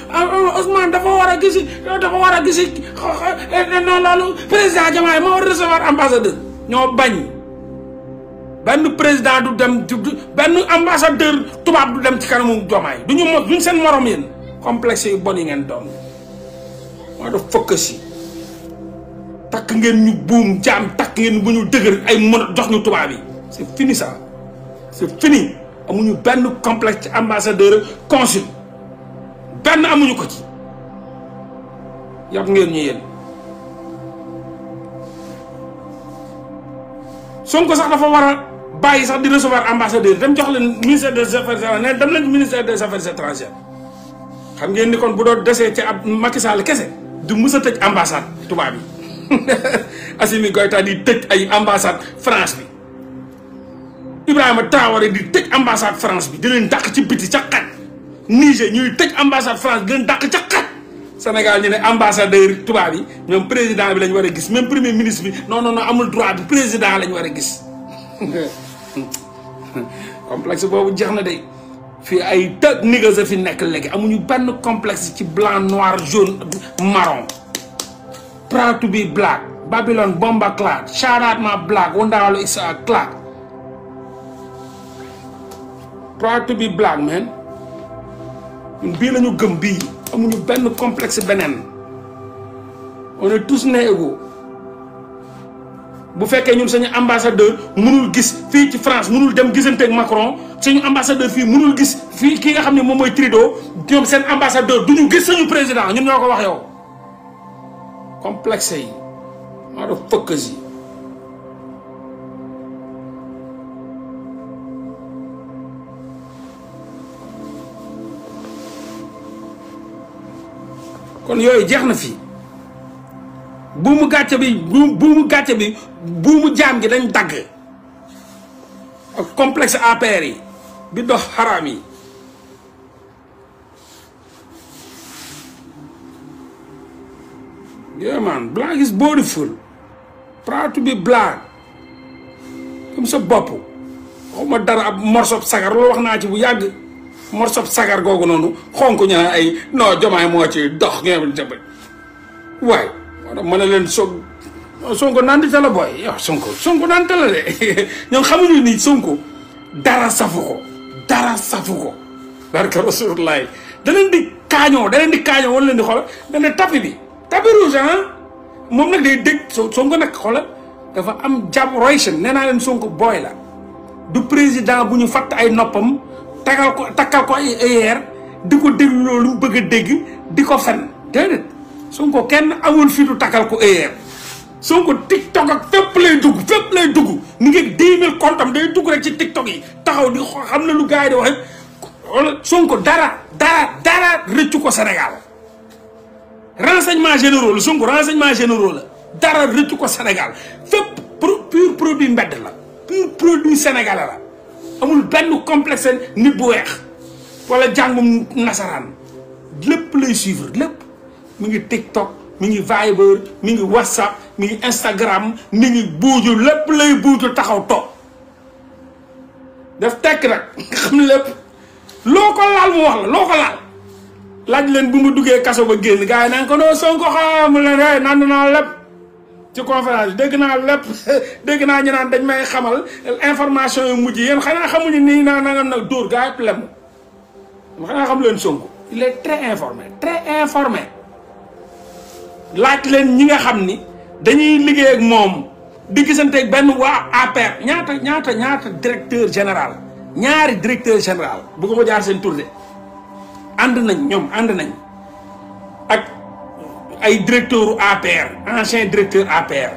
S1: Ousmane dafa war a gisi dafa war a gisi non eh, eh, loolu président Diomaye moo war a recevoir ambassadeur ñoo bañ benn président du dem benn ambassadeur tubaab du dem ci kanamu Diomaye duñu mo duñ seen morom yéen complexe yu bon yi ngeen doon moo def focus yi takk ngeen ñu buum jaam takk ngeen bu ñu dëgër ay mën jox ñu tubaab yi c'est fini ça c'est fini amuñu benn complexe ci ambassadeur consul benn amuñu ko ci yàpp ngeen ñu yéen Sonko sax dafa war bàyyi sax di recevoir ambassadeur dem jox leen ministère des affaires étrangères ne dem leen ministère des affaires étrangères xam ngeen ni kon bu doon desee ci ab Macky Sall kese du mës a tëj ambassade tubaab yi Assimi Goïta di tëj ay ambassade France bi Ibrahima Traoré di tëj ambassade France bi di leen dàq ci biti ca xat Niger ñuy tëj ambassade France di leen dàq ca xat Sénégal ñu ne ambassadeur tubaab yi ñoom président bi lañ war a gis même premier ministre bi non non non amul droit bi président war a gis complexe boobu jeex na de fii ay tëg niggas a fi nekk léegi amuñu benn complexe ci blanc noir jaune marron proud to be black Babylon bomba clack shout out my black wondaalu is a clack proud to black man bii lañu gëm bii amuñu benn complexe beneen on est tous nés égaux bu fekkee ñun suñu ambassadeur mënul gis fii ci France mënul dem gisante ak Macron suñu ambassadeur fii mënul gis fii ki nga xam ne moom mooy Trudeau ñoom seen ambassadeur du ñu gis sañu président ñun ñoo ko wax yow complexe yi maa def fëkkës yi kon yooyu jeex na fii buumu gàcce bi buumu gàcce bi jaam gi dañ dagg ak complexe APR yi bi dox xaraam yi yeah man black is beautiful proud to be black comme sa bopp waxuma dara ab morsob sagar loolu wax naa ci bu yàgg morsob sagar googu noonu xonk ñu ay non jomaay moo ci dox ngeen jëmbat waaye maanaam ma ne leen soog Sonko naan tala booy yow Sonko Sonko naan tala de ñoom xamuñu ni Sonko dara safu ko dara safu ko. barka rasulullah da leen di kaañoo da leen di kaañoo wala leen di xoolal da ne bi tapis rouge ah moom nag day dégg Sonko nag xoolal dafa am jàpp roychen nee naa leen Sonko booy la du président bu ñu fatt ay noppam tagal ko takkal ko ay yeer di ko déglu loolu bëgg a dégg di ko fen déedéet. Sonko kenn amul fi du takkal ko EM Sonko TikTok ak fépp lay dugg fépp lay dugg mu ngi 10 000 compte am day dugg rek ci TikTok yi taxaw di xam na lu gars yi di wax rek Sonko dara dara dara rëccu ko Sénégal renseignement généraux la Sonko renseignement généraux la dara rëccu ko Sénégal fépp pur produit mbedd la pur produit sénégalais la amul benn complexe nit bu weex wala jàngum nasaraan lépp lay suivre lépp. mu ngi TikTok mi ngi Viber mi ngi WhatsApp mi ngi Instagram mi ngi buuju lépp lay buuju taxaw toog def tekk nag nga xam lépp loo ko laal mu wax la loo ko laal laaj leen bu mu duggee kaso ba génn gars yi naan ko noo Sonko xamu leen hey naan lépp ci conférence dégg naa lépp dégg naa ñu naan dañ may xamal information yu mujj yéen xanaa xamuñu nii naa nangam nag dóor gars yëpp xam leen Sonko il est très informé très informé laaj leen ñi nga xam ni dañuy liggéey ak moom di gisanteeg benn waa APR ñaata ñaata ñaata directeur général ñaari directeur général bu ko ko jaar seen tour de ànd nañ ñoom ànd nañ ak ay directeur APR ancien directeur APR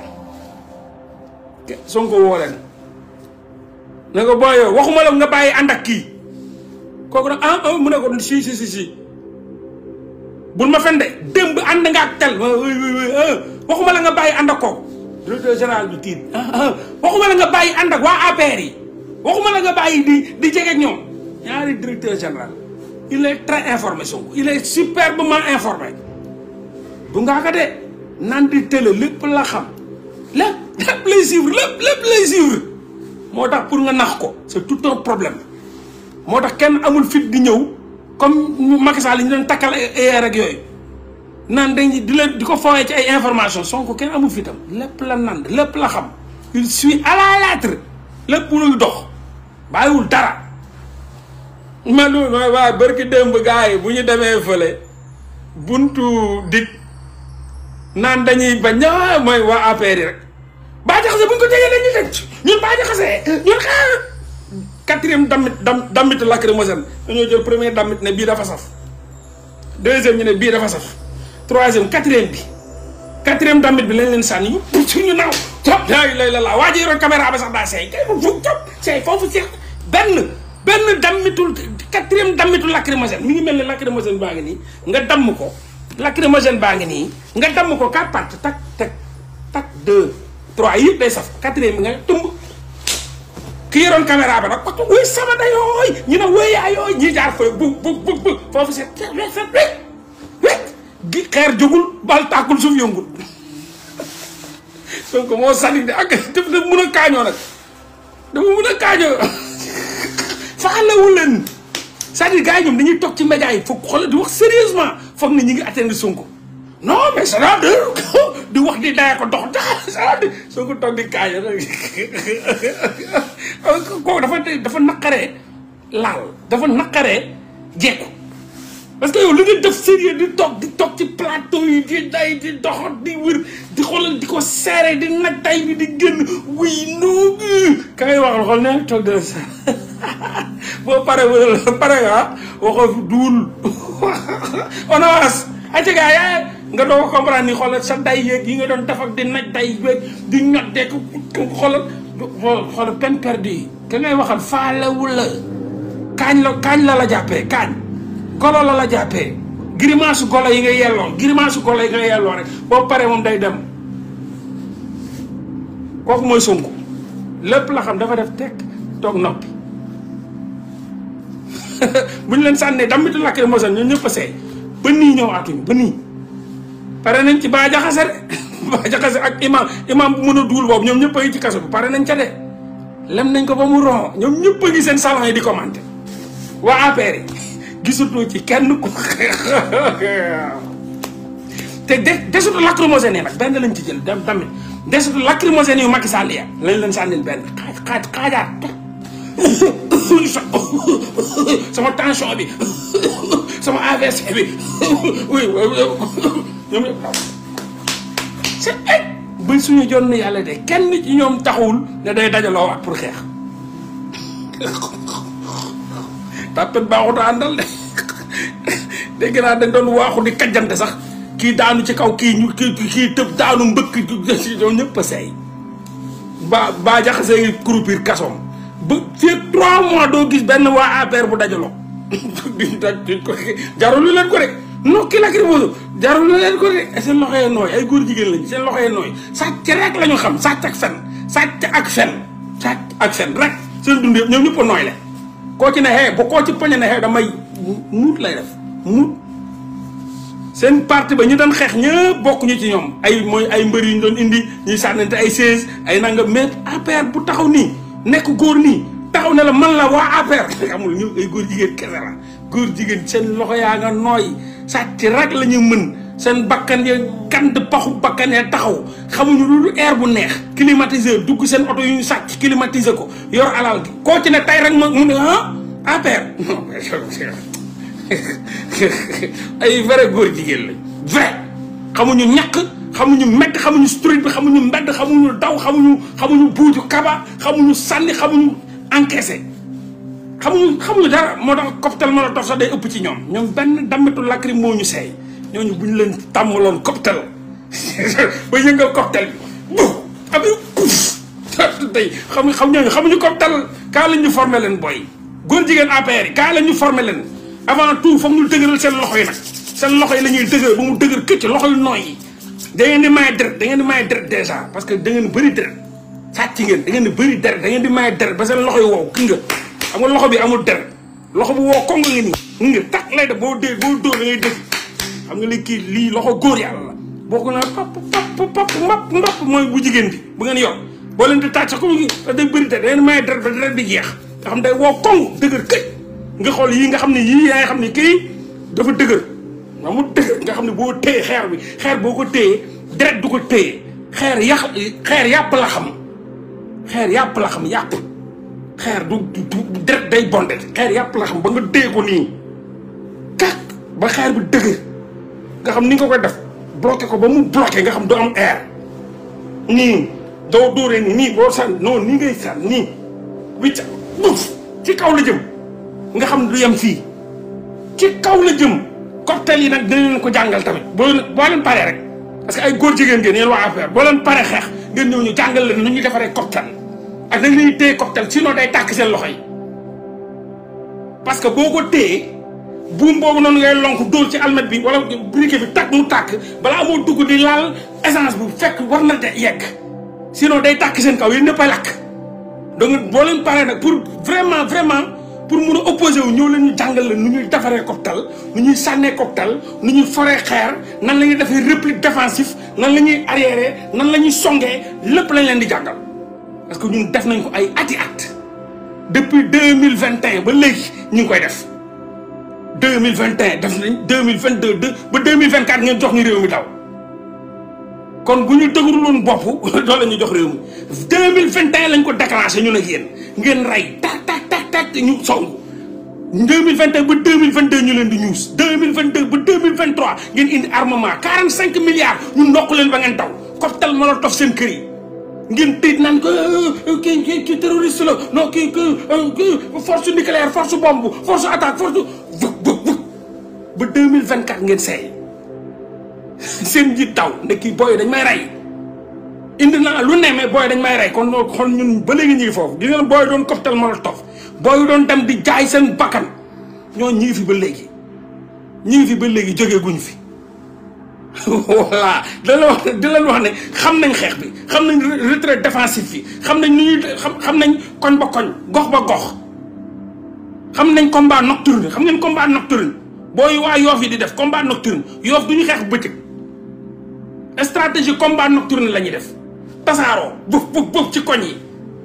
S1: Sonko woo leen ne ko booyoo waxuma la nga bàyyi ànd ak kii kooku nag ah ah mu ne ko si si si si bul ma fen de démb ànd nga ak tel ah, ah, waxuma la nga bàyyi ànd ak ko directeur général bi tiit ah, waxuma la nga bàyyi ànd ak waa APR yi waxuma la nga bàyyi di di jege ak ñoom ñaari directeur général il est très informé Sonko il est superbement informé bu ngaa ko de naan di télé lépp la xam lépp lépp lay suivre lépp lépp lay suivre moo tax pour nga nax ko c'est tout un problème moo tax kenn amul fit di ñëw comme Macky Sall yi ñu doon takkal ay rek yooyu naan dañuy di leen di ko fowee ci ay information Sonko kenn amul fitam lépp la la xam il suit lépp luy dox bàyyiwul dara. ma ne mooy waa barki démb gars yi bu ñu demee fële buntu dig naan dañuy bañ a mooy waa APR yi rek baa jaxase bu ñu ko jegee dañuy teg ñun baa jaxase ñun xaar. quatrième damit dam damit lacrymogène dañoo jël premier damit ne bii dafa saf deuxième ñu ne bii dafa saf troisième quatrième bi quatrième damit bi lañ leen sànni yu suñu naaw top laayi lay la laa waa ji yoroon caméra ba sax daa seey kay foofu cop seey foofu seex benn benn damitul quatrième damitu lacrymogène mi ngi mel ne lacrymogène baa ngi nii nga damm ko lacrymogène baa ngi nii nga damm ko quatre parties tak tak tak deux trois yëpp day saf quatrième bi nga tumb ki yoroon caméra ba nag waxtu wuy sama dayooy ñu ne wéy ayooy ñi jaar fooy bu bu foofu c'est wet fet wet gi xeer jógul bal tàkkul suuf yëngul donc moo salig de ak daf da mun a kaañoo nag dama mun a kaañoo faalewu leen c'est-à-dire gars ñoom dañuy toog ci média yi foog xoolal di wax sérieusement foog ne ñi ngi atteindre Sonko
S2: non mais Sana de
S1: di wax di daya ko dox tax Sana de soo ko toog di kaay euh, dafa dafa naqaree laal dafa naqaree jekku parce que yow li nga def sérieux di toog di toog ci plateau yi di day di dox di wër di xoolal di ko seere di nag tay bi di génn wuy noo kay waxal xool ne toog de boo pare wala pare nga waxoo fi duul on avance ay ci gars nga doo ko comprendre ni xoolal sa day yéeg yi nga doon def ak di naj day yéeg di ñodde ko xoolal xoolal peine perdue ka ngay waxal faalewul la kaañ la kaañ la la jàppee kaañ golo la la jàppee grimace golo yi nga yelloon grimace golo yi nga yelloon rek boo paree moom day dem kooku mooy Sonko lépp la xam dafa def teg toog noppi bu ñu leen sànnee dammitu lakk mosal ñun ñëpp a ba nii ñëw aatuñu ba nii pare nañ ci baa jaxase de baa jaxase ak imam imam a duul boobu ñoom ñëpp a ngi ci kaso bi pare nañ ca de lem nañ ko ba mu ron ñoom ñëpp a ngi seen salon yi di commenté waa APR yi gisutoo ci kenn ku te de desutu lacrymogène yi nag benn lañ ci jël dem tamit desutu lacrymogène yu Macky Sall ya lañ leen sànnil benn xaaj xaaj xaajaat sama tension bi sama AVC e bi oui ñoom c'est ba suñu jonn yàlla de kenn ci ñoom taxawul ne day dajaloo waat pour xeex tàppet baaxut a àndal de dégg naa dañ doon waaxu di kajjante sax kii daanu ci kaw kii ñu kii kii tëb daanu mbëkk ñoom ñëpp a seey ba ba jaxase yi croupir kasoom ba trois mois doo gis benn waa APR bu dajaloo duñ ko jarul leen ko rek nokki lacrymoso jarul na leen ko de seen loxo yee nooy ay góor jigéen seen loxo nooy sàcc rek la ñu xam sàcc ak fen sàcc ak fen sàcc ak fen rek seen dund yëpp ñoom ñëpp a nooy la koo ci ne xee bu koo ci poñe ne xee damay muut lay def muut seen parti ba ñu doon xeex ñëpp bokkuñu ci ñoom ay mooy ay mbër yu ñu doon indi ñuy sànnante ay seize ay nangam mais APR bu taxaw nii nekk góor nii taxaw ne la man la waa APR amul ñu ay góor jigéen kese la góor jigéen seen loxo yaa nga nooy sàcc rek la ñu mën seen bakkan ya gand paxu bakkan ya taxaw xamuñu lu air bu neex climatiseur dugg seen oto yu ñu sàcc climatiser ko yor alal gi koo ci ne tey rek ma mu ne ah affaire ay vrai góor jigéen lañ vrai xamuñu ñàkk xamuñu mekk xamuñu street bi xamuñu mbedd xamuñu daw xamuñu xamuñu buuju kaba xamuñu sànni xamuñu encaissé xamuñu xamuñu dara moo tax cocktail tox sax day ëpp ci ñoom ñoom benn dammitu lacrim moo ñu seey ñooñu bu ñu leen tàmmaloon cocktail ba yëngal cocktail bi bu am puuf tey xam xam ñooñu xamuñu cocktail kaa la ñu formé leen booy góor jigéen APR yi kaa la ñu formé leen avant tout foog ñu dëgëral seen loxo yi nag seen loxo yi lañuy ñuy dëgër ba mu dëgër këcc loxo yi nooy yi da ngeen di may deret da ngeen di may deret dèjà parce que da ngeen bëri deret sàcc ngeen da ngeen di da ngeen di may deret ba seen loxo yi wow ki nga xam nga loxo bi amul deret loxo bu woo koŋŋ nga nii mu ngi takk lay def boo dee boo dóor da ngay xam nga léegi kii lii loxo góor yàlla la boo ko naa pap pap pap mooy bu jigéen bi bu ngeen yor boo leen tàcc sax comme day bëri te day maye deret ba deret bi nga xam day woo koŋŋ dëgër këj nga xool yii nga xam ne yii yaa xam ne kii dafa dëgër waaw mu nga xam ne boo téye xeer bi xeer boo ko téye deret du ko téye xeer yàq xeer yàpp la xam xeer yàpp la xam yàpp xeer du deret day bondé xeer yàpp la xam ba nga dee ko nii kak ba xeer bi dëgër nga xam ni nga ko def bloqué ko ba mu bloqué nga xam du am air nii doo dóoree nii nii boo sànni non nii ngay sànni nii wicca buuf ci kaw la jëm nga xam du yem fii ci kaw la jëm cocktail yi nag dina leen ko jàngal tamit boo boo leen paree rek parce que ay góor jigéen ngeen yéen waa affaire boo leen paree xeex ngeen ñëw ñu jàngal leen nu ñuy defaree cocktail ak dañ lay téye cocktail sinon day tàkk seen loxo yi parce que boo ko téye buum boobu noonu ngay lonk dóor ci almet bi wala briquet bi tàkk mu tàkk balaa amoo dugg di laal essence bu fekk war na de yegg sino day tàkk seen kaw yéen ñëpp a lakk donc boo leen paree nag pour vraiment vraiment pour mun a opposé wu ñëw leen ñu jàngal la nu ñuy defaree cocktail nu ñuy sànnee cocktail nu ñuy foree xeer nan la ñuy defee réplique défensif nan la ñuy arriéré nan la ñuy songee lépp lañ leen di jàngal parce que ñun def nañ ko ay ati at depuis deux mille vingt et un ba léegi ñu ngi koy def deux mille vingt def nañ deux mille vingt deux ba deux mille vingt quatre ngeen jox ñu réew mi daw kon bu ñu dëgërul woon bopp loolu la ñu jox réew mi deux mille vingt et un lañ ko déclenché ñun ak yéen ngeen rey tak tak tak tak ñu song. 2021 ba 2022 ñu leen di ñuus 2022 ba ngeen indi armement milliards ñu ndokk leen ba ngeen taw cocktail molotov seen kër yi ngeen tiit naan ko euh, kii kii la non kii euh, kii force nucléaire force bombe force attaque force vëg vëg ba deux mille vingt quatre ngeen seey seen njiit taw ne kii booy dañ may rey indi naa lu ne mais dañ may rey kon xool ñun ba léegi ñuy foofu di ngeen booy doon cocktail molotov booy doon dem di jaay seen bakkan ñoo ñii fi ba léegi ñii fi ba léegi jógee guñ fi voilà da la wax di leen wax ne xam nañ xeex bi xam nañ retrait défensif bi xam nañ nu ñuy xam nañ koñ ba koñ gox ba gox xam nañ combat nocturne xam ngeen combat nocturne booy waa yoof yi di def combat nocturne yoof du ñu xeex bëccëg stratégie combat nocturne la def tasaaroo bu bëf bëf ci koñ yi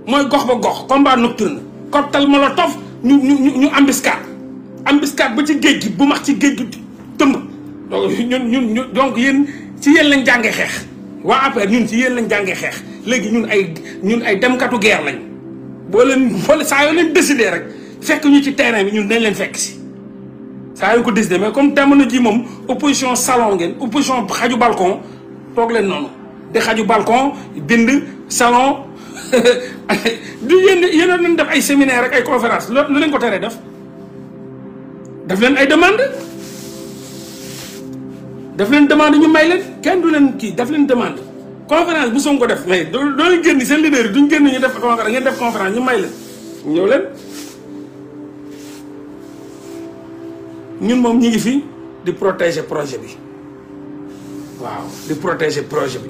S1: mooy gox ba gox combat nocturne cocktail molotov ñu ñu ñu embuscade embuscade ba ci géej gi bu max ci géej gi tëmb donc ñun ñun ñu donc yéen ci yéen lañ jàngee xeex waa APR ñun ci yéen lañ jàngee xeex léegi ñun ay ñun ay demkatu geer lañ boo leen boo saa yoo leen décidé rek fekk ñu ci terrain bi ñun dañ leen fekk si saa yoo ko décidé mais comme jamono ji moom opposition salon ngeen opposition xaju balkon toog leen noonu di xaju balcon bind salon du yéen yéen a leen def ay séminaire rek ay conférence lu leen ko teree def daf leen ay demande daf leen demande ñu may leen kenn du leen kii daf leen demande conférence bu Sonko def mais doo leen génn seen leader yi duñ génn ñu def conférence ngeen def conférence ñu may leen ñëw leen ñun moom ñu ngi fi di protéger projet bi waaw di protéger projet bi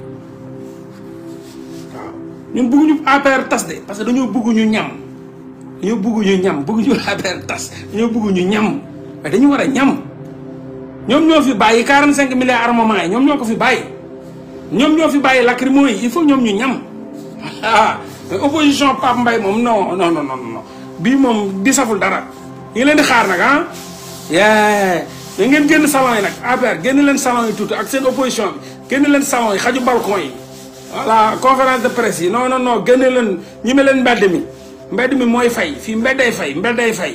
S1: waaw ñun bëgguñu APR tas de parce que dañoo bëgg ñam dañoo bugguñu ñam bugguñu APR tas dañoo bëgg ñam waaye dañu war a ñam ñoom ñoo fi bàyyi 45 milliards armement yi ñoom ñoo ko fi bàyyi ñoom ñoo fi bàyyi lacrymo yi il faut ñoom ñu ñam ah opposition Pape Mbaye moom non non non non bii moom di saful dara ñu leen di xaar nag ah. da ngeen génn salon yi nag APR génn leen salon yi tuuti ak seen opposition bi génn leen salon yi xaju balcon yi. voilà conférence de presse yi non non non génn leen ñu leen mbedd mi mbedd mi mooy fay fii mbedday fay mbedday fay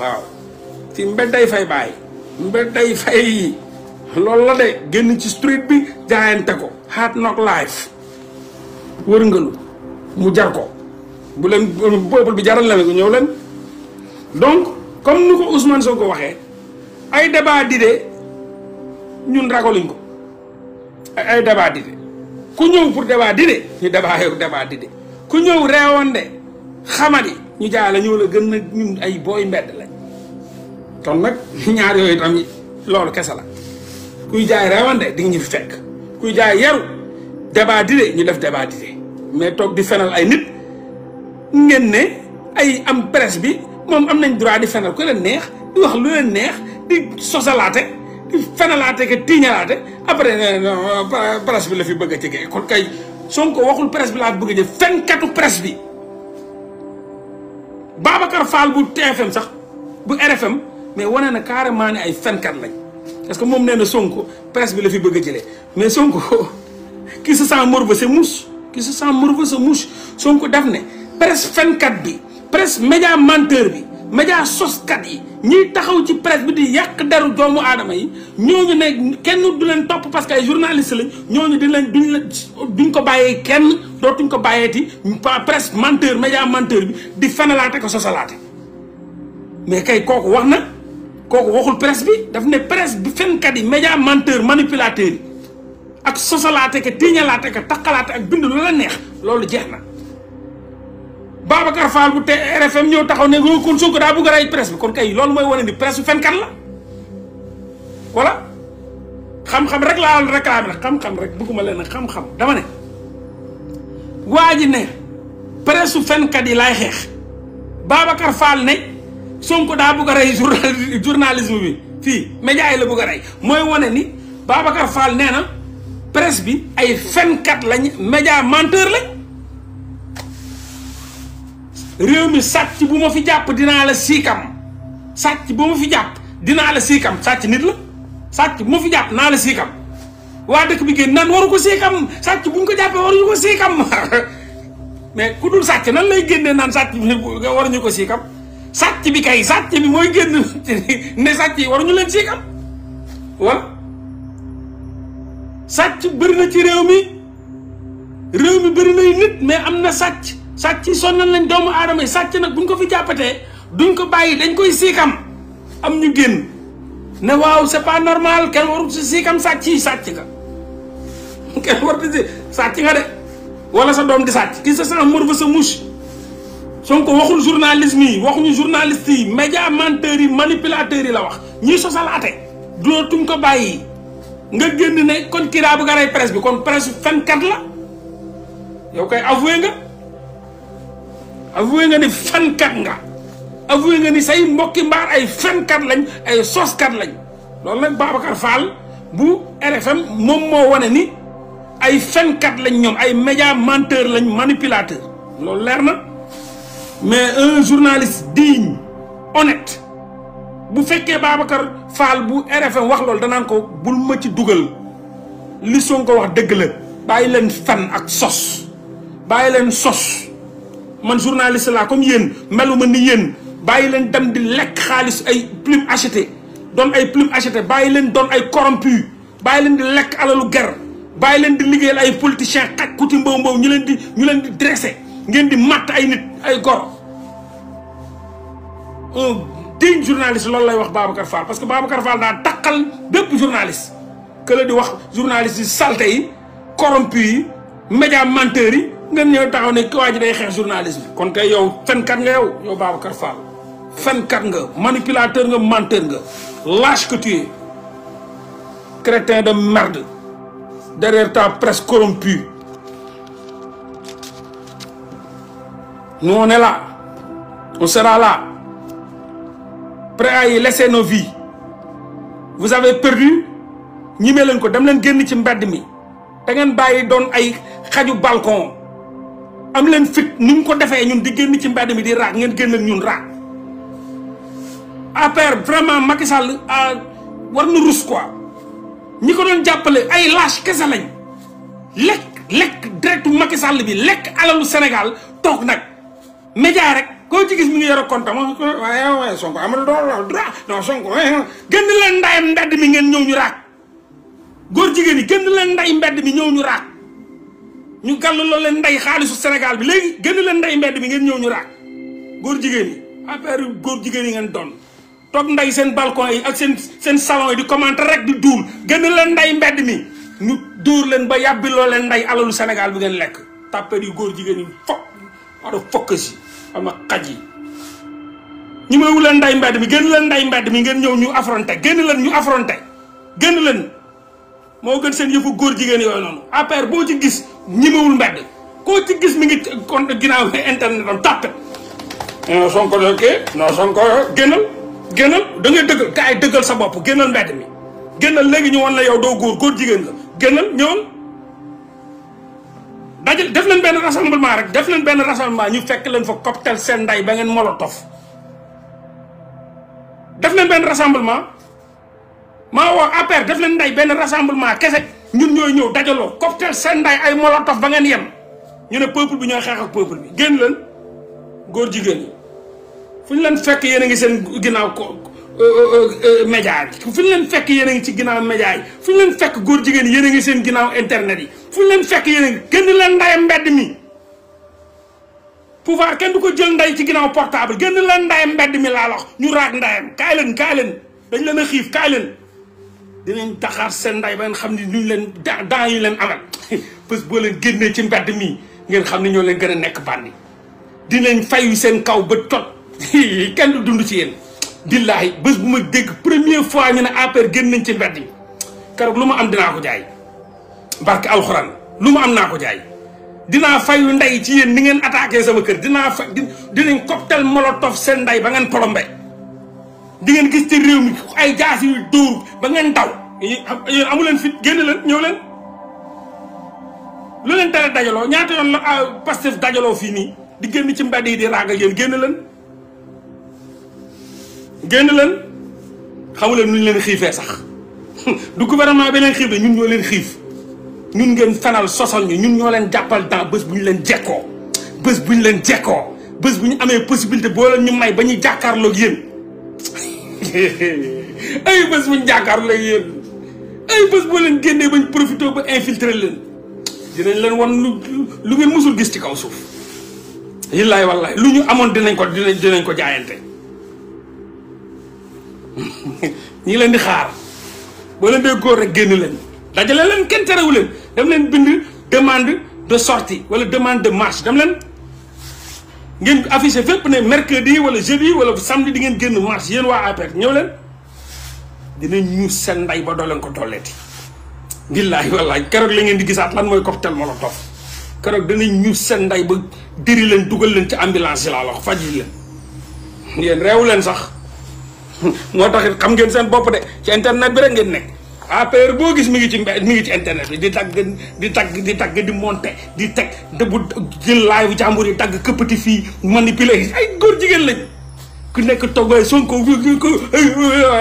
S1: waaw fii mbedday fay bàyyi. mbir day fay loolu la de génn ci street bi jaayante ko hard knock life wërngalu mu jar ko bu leen peuple bi jaral la ne ko ñëw leen donc comme ni ko soo ko waxee ay débat d'idées ñun ragoluñ ko ay débat d'idées ku ñëw pour débat d'idées ñu débat yow débat d'idées ku ñëw reewande xamadi ñu jaay la ñoo la gën a ñun ay booy mbedd lañ kon nag ñaar yooyu tamit loolu kese la kuy jaay reewande di nga fi fekk kuy jaay yaru débat d'idées ñu def débat mais toog di fenal ay nit ngeen ne ay am presse bi moom am nañ droit di fenal ku leen neex di wax lu leen neex di sosalaate di fenalaate ke tiiñalaate après bi la fi bëgg a jege kon kay Sonko waxul presse bi laa bëgg a jël fenkatu presse bi Babacar Fall bu TFM sax bu RFM mais wane na carrément ne ay fenkat lañ parce que moom nee na Sonko presse bi la fi bëgg a jëlee mais Sonko qui se sent morveux se mouche qui se sent morveux se mouche Sonko daf ne presse fenkat bi presse média menteur bi média soskat yi ñiy taxaw ci presse bi di yàq deru doomu aadama yi ñooñu ne kenn du leen topp parce que ay journaliste lañ ñooñu di leen duñ la duñ ko bàyyee kenn dootuñ ko bàyyeeti presse menteur média menteur bi di fenalaate ko sosalaate mais kay kooku wax na. kooku waxul presse bi daf ne presse bi fenkat yi média menteur manipulateur yi ak sosalaate ka tiiñalaate ka taqalaate ak bind lu la neex loolu jeex na Babacar Fall bu te RFM ñëw taxaw ne nga kon Sonko daa bëgg a rey presse bi kon kay loolu mooy wane ni presse bu fenkat la voilà xam-xam rek laa réclamé nag xam-xam rek bëgguma leen xam-xam dama ne waa ji ne presse fenkat yi laay xeex Babacar Fall ne Sonko daa bugg a rey journalisme bi fii média la bugg a rey mooy wane ni Babacar Fall nee na presse bi ay fenkat lañ média menteur lañ réew mi sàcc bu ma fi jàpp dinaa la siikam sàcc bu ma fi jàpp dinaa la siikam sàcc nit la sàcc bu ma fi jàpp naa la siikam waa dëkk bi génn naan waru ko siikam sàcc buñ ko jàppee waruñu ko siikam mais ku dul sàcc nan lay génnee naan sàcc waruñu ko siikam sàcc bi kay sàcc bi mooy génn ne sàcc yi waruñu leen sieg am wala sàcc bëri na ci réew mi réew mi bëri nay nit mais am na sàcc sàcc yi sonnal lañ doomu aadama yi sàcc nag buñ ko fi jàppatee duñ ko bàyyi dañ koy siikam am ñu génn ne waaw c'est pas normal kenn waru si siikam sàcc yi sàcc ka kenn war di si sàcc nga de wala sa doom di sàcc ki sa sa mor fa sa mouche Sonko waxul journalisme yi waxuñu journaliste yi média menteurs yi manipulateurs yi la wax ñiy sosalaate dootuñ ko bàyyi nga génn ne kon kiraa bu garay presse bi kon presse fenkat la yow koy avoué nga avoué nga ni fenkat nga avoué nga ni say mbokki mbaar ay fenkat lañ ay soskat lañ loolu nag Babacar Fall bu RFM moom moo wane ni ay fenkat lañ ñoom ay média menteur lañ manipulateur loolu leer na mais un journaliste digne honnête bu fekkee Babacar Fall bu RFM wax loolu danaan ko bul ma ci dugal li ko wax dëgg la bàyyi leen fan ak sos bàyyi leen sos man journaliste laa comme yéen meluma ni yéen bàyyi leen dem di lekk xaalis ay plume acheté doon ay plume acheté bàyyi leen doon ay corrompu bàyyi leen di lekk alalu ger bàyyi leen di liggéeyal ay politiciens xaj ku ci ñu leen di ñu leen di dressé ngeen di matt ay nit ay gor un digne journaliste loolu lay wax Babacar Fall parce que Babacar Fall daa taqal bépp journaliste que la di wax journaliste yi salte yi corrompu yi média menteurs yi ngeen ñëw taxaw ne waa ji day xeex journaliste bi kon kay yow fenkat nga yow yow Babacar Fall fenkat nga manipulateur nga menteur nga lâche que tu crétin de merde derrière ta presse corrompue Nous, on est là. On sera là. Prêt à y laisser nos vies. Vous avez perdu. Nous sommes là. Nous sommes là. da ngeen bàyyi doon ay xaju balcon am leen fit nu mu ko defee ñun di génn ci mbedd mi di raak ngeen génn ak ñun raak APR vraiment Macky Sall war na rus quoi ñi ko doon jàppale ay lâche kese lañ lekk lekk deretu Macky bi lekk alalu Sénégal toog nag média rek koo jigéen gis mi ngi yor compte ma waaye waaye Sonko amul doole droit non Sonko gën leen ndayam mbedd mi ngeen ñëw ñu raak góor jigéen yi gën leen nday mbedd mi ñëw ñu raak ñu gàlluloo leen nday xaalisu Sénégal bi léegi gën leen nday mbedd mi ngeen ñëw ñu raak góor jigéen yi affaire góor jigéen yi ngeen doon toog nday seen balcon yi ak seen seen salon yi di commenter rek di duur gën leen nday mbedd mi ñu duur leen ba yàbbiloo leen nday alalu senegal bi ngeen lekk tàppet yu góor jigéen yi fop maa doon focus ama xaj yi ñu may wuleen mbedd mi génn leen nday mbedd mi ngeen ñëw ñu affronté génn leen ñu affronté génn leen moo gën seen yëfu góor jigéen yooyu noonu après boo ci gis ñimewul mbedd koo ci gis mi ngi kon ginnaaw internet am tàppet non Sonko ok non Sonko génnal génnal da ngay dëggal gars yi dëggal sa bopp génnal mbedd mi génnal léegi ñu woon na yow doo góor góor jigéen la génnal ñëwal dajal def leen benn rassemblement rek def leen benn rassemblement ñu fekk leen fa cocktail seen nday ba ngeen molotov def leen benn rassemblement maa woo APR def leen nday benn rassemblement kese ñun ñooy ñëw dajaloo cocktail seen nday ay molotov ba ngeen yem ñu ne peuple bi ñooy xeex ak peuple bi génn leen góor jigéen ñi fu ñu leen fekk yéen a ngi seen ginnaaw ko média yi fu ñu leen fekk yéen a ngi ci ginnaaw média yi fu leen fekk góor jigéen yéen a ngi seen ginnaaw internet yi fu leen fekk yéen a ngi gën leen ndayam mbedd mi pouvoir kenn du ko jël nday ci ginnaaw portable gën leen ndayam mbedd mi laa wax ñu raag ndayam kaay leen kaay leen dañ leen a xiif kaay leen dinañ taxaar seen nday ba ngeen xam ni ñu leen daan yi leen amal parce que boo leen génnee ci mbedd mi ngeen xam ne ñoo leen gën a nekk bànni dinañ fayu seen kaw ba tot kenn du dund ci yéen billahi bés bu ma dégg première fois ñu ne APR génn nañ ci mbedd yi keroog lu ma am dinaa ko jaay barke alxuraan lu ma am naa ko jaay dinaa fayu ndey ci yéen ni ngeen attaqué sama kër dinaa fay dinañ cocktail molotov seen ndey ba ngeen plombé di ngeen gis ci réew mi ay jaas yu dóor ba ngeen daw yéen amu leen fit génn leen ñëw leen lu leen tere dajaloo ñaata yoon la ah, Pastef dajaloo fii nii di génn ci mbedd yi di raaga yéen génn leen génn leen xamu leen nu ñu leen xiifee sax du gouvernement bi leen xiif de ñun ñoo leen xiif ñun ngeen fanal sosal ñu ñun ñoo leen jàppal dans bés bu ñu leen jekkoo bës bu ñu leen jekkoo bës bu ñu amee possibilité boo leen ñu may ba ñuy jàkkaarloog yéen ay bés bu ñu jàkkaarloog yéen ay bés boo leen génnee ba ñu profité ba infiltrer leen dinañ leen wan lu lu ngeen mësul gis ci kaw suuf. yillaay wallaay lu ñu amoon dinañ ko dinañ dinañ ko jaayante. ñi leen di xaar boo leen dee góor rek génn leen dajale leen kenn terewu leen dam leen bind demande de sortie wala demande de marche dem leen ngeen affiché fépp ne mercredi wala jeudi wala samedi di ngeen génn marche yéen waa APR ñëw leen dinañ ñu seen nday ba doo leen ko dolleeti billaahi wallaahi keroog la ngeen di gisaat lan mooy cocktail molotov keroog danañ ñu seen nday ba diri leen dugal leen ci ambulance yi laa wax faj yi leen yéen réew leen sax moo taxit xam ngeen seen bopp de ci internet bi rek ngeen nekk APR boo gis mi ngi ci mi ngi ci internet bi di tagg di tagg di tagg di monter di teg dëbb jël laay bu jàmbur yi tagg këppati fii manipuler ay góor jigéen lañ ku nekk toog waaye Sonko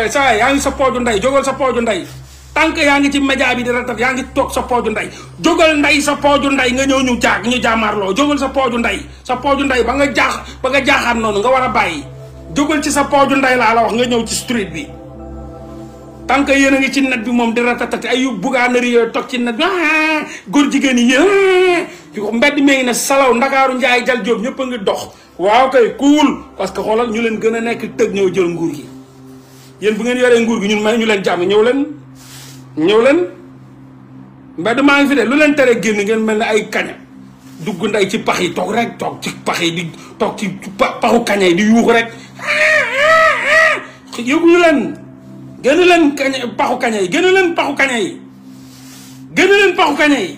S1: saa yaa ngi sa pooju ndey jógal sa pooju ndey tànk yaa ngi ci média bi di rataf yaa ngi toog sa pooju ndey jógal ndey sa pooju ndey nga ñëw ñu jaag ñu jaamaarloo jógal sa pooju nday sa pooju ndey ba nga jaax ba nga jaaxaat noonu nga war a bàyyi jógal ci sa pooju nday laa la wax nga ñëw ci street bi tant que yéen a ngi ci net bi moom di ratatati ay yu bugaanari yooyu toog ci net bi ah, góor jigéen yi ah. yéen mbedd mi ngi ne salaw ndakaaru njaay jal jóob ñëpp a ngi dox waaw kay kuul parce que ñu leen gën a nekk tëg ñëw jël nguur gi yéen bu ngeen yoree nguur gi ñun may ñu leen jàmm ñëw leen ñëw leen mbedd maa ngi fi de lu leen tere génn ngeen mel ni ay kaña dugg nday ci pax yi toog rek toog ci pax yi di toog ci paxu kaña yi di yuuxu rek ah, ah, ah. yëguñu leen gënu leen kaña paxu kaña yi gënu leen paxu kaña yi gënu leen paxu kaña yi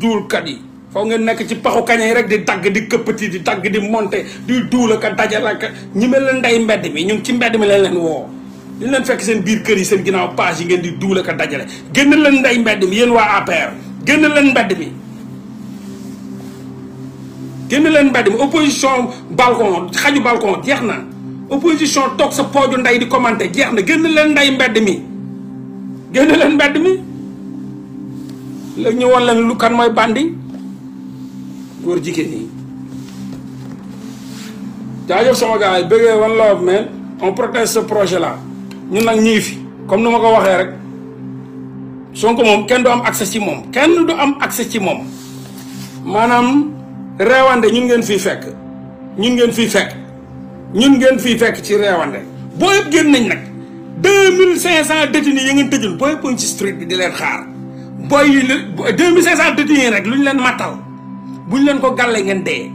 S1: duulkat yi foo ngeen nekk ci paxu kaña yi rek di dagg di këppati di dagg di monte di duul ak a dajal ak ñi mel leen nday mbedd mi ñun ci mbedd mi leen leen woo li leen fekk seen biir kër yi seen ginnaaw page yi ngeen di duul ak a dajale génn leen ndey mbedd mi yéen waa APR génn leen mbedd mi génn leen mbedd mi opposition balcon xaju balcon jeex na opposition toog sa pooju nday di commenter jeex na génn leen nday mbedd mi génn leen mbedd mi la ñu woon lu kan mooy bandi góor jigéen yi jaajëf sama gars yi bëggee one love man on projet la ñun nag ñii fi comme nu ma ko waxee rek Sonko moom kenn du am accès ci moom kenn du am accès ci moom maanaam reewande ñun ngeen fii fekk ñun ngeen fii fekk ñun ngeen fii fekk ci reewande boo yëpp génn nañ nag deux mille cinq cent détenus yi ngeen tëjul boo yëpp ci street bi di leen xaar booy yi deux mille cinq cent détenus rek lu ñu leen mattal bu ñu leen ko gàlle ngeen dee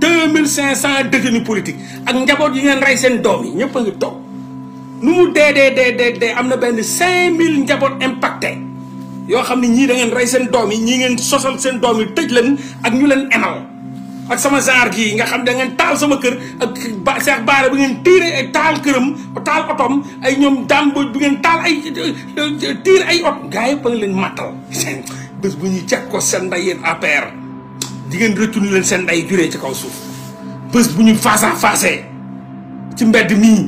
S1: deux mille cinq cent détenus politiques ak njaboot yi ngeen rey seen doom yi ñëpp a ngi toog nu mu dee dee dee dee dee am na benn cinq mille njaboot impacté yoo xam ne ñii da ngeen rey seen doom yi ñii ngeen sosal seen doom yi tëj leen ak ñu leen emal ak sama genre gii nga xam da ngeen taal sama kër ak ba Seex Baara bi ngeen tiire ay taal këram taal otom ay ñoom dàmbooj bi ngeen taal ay tiir ay ot gars yi ba nga leen màttal bés bu ñuy jag ko seen ndey yéen APR di ngeen rëccu ni leen seen ndey juree ci kaw suuf bés bu ñu face à face ci mbedd mii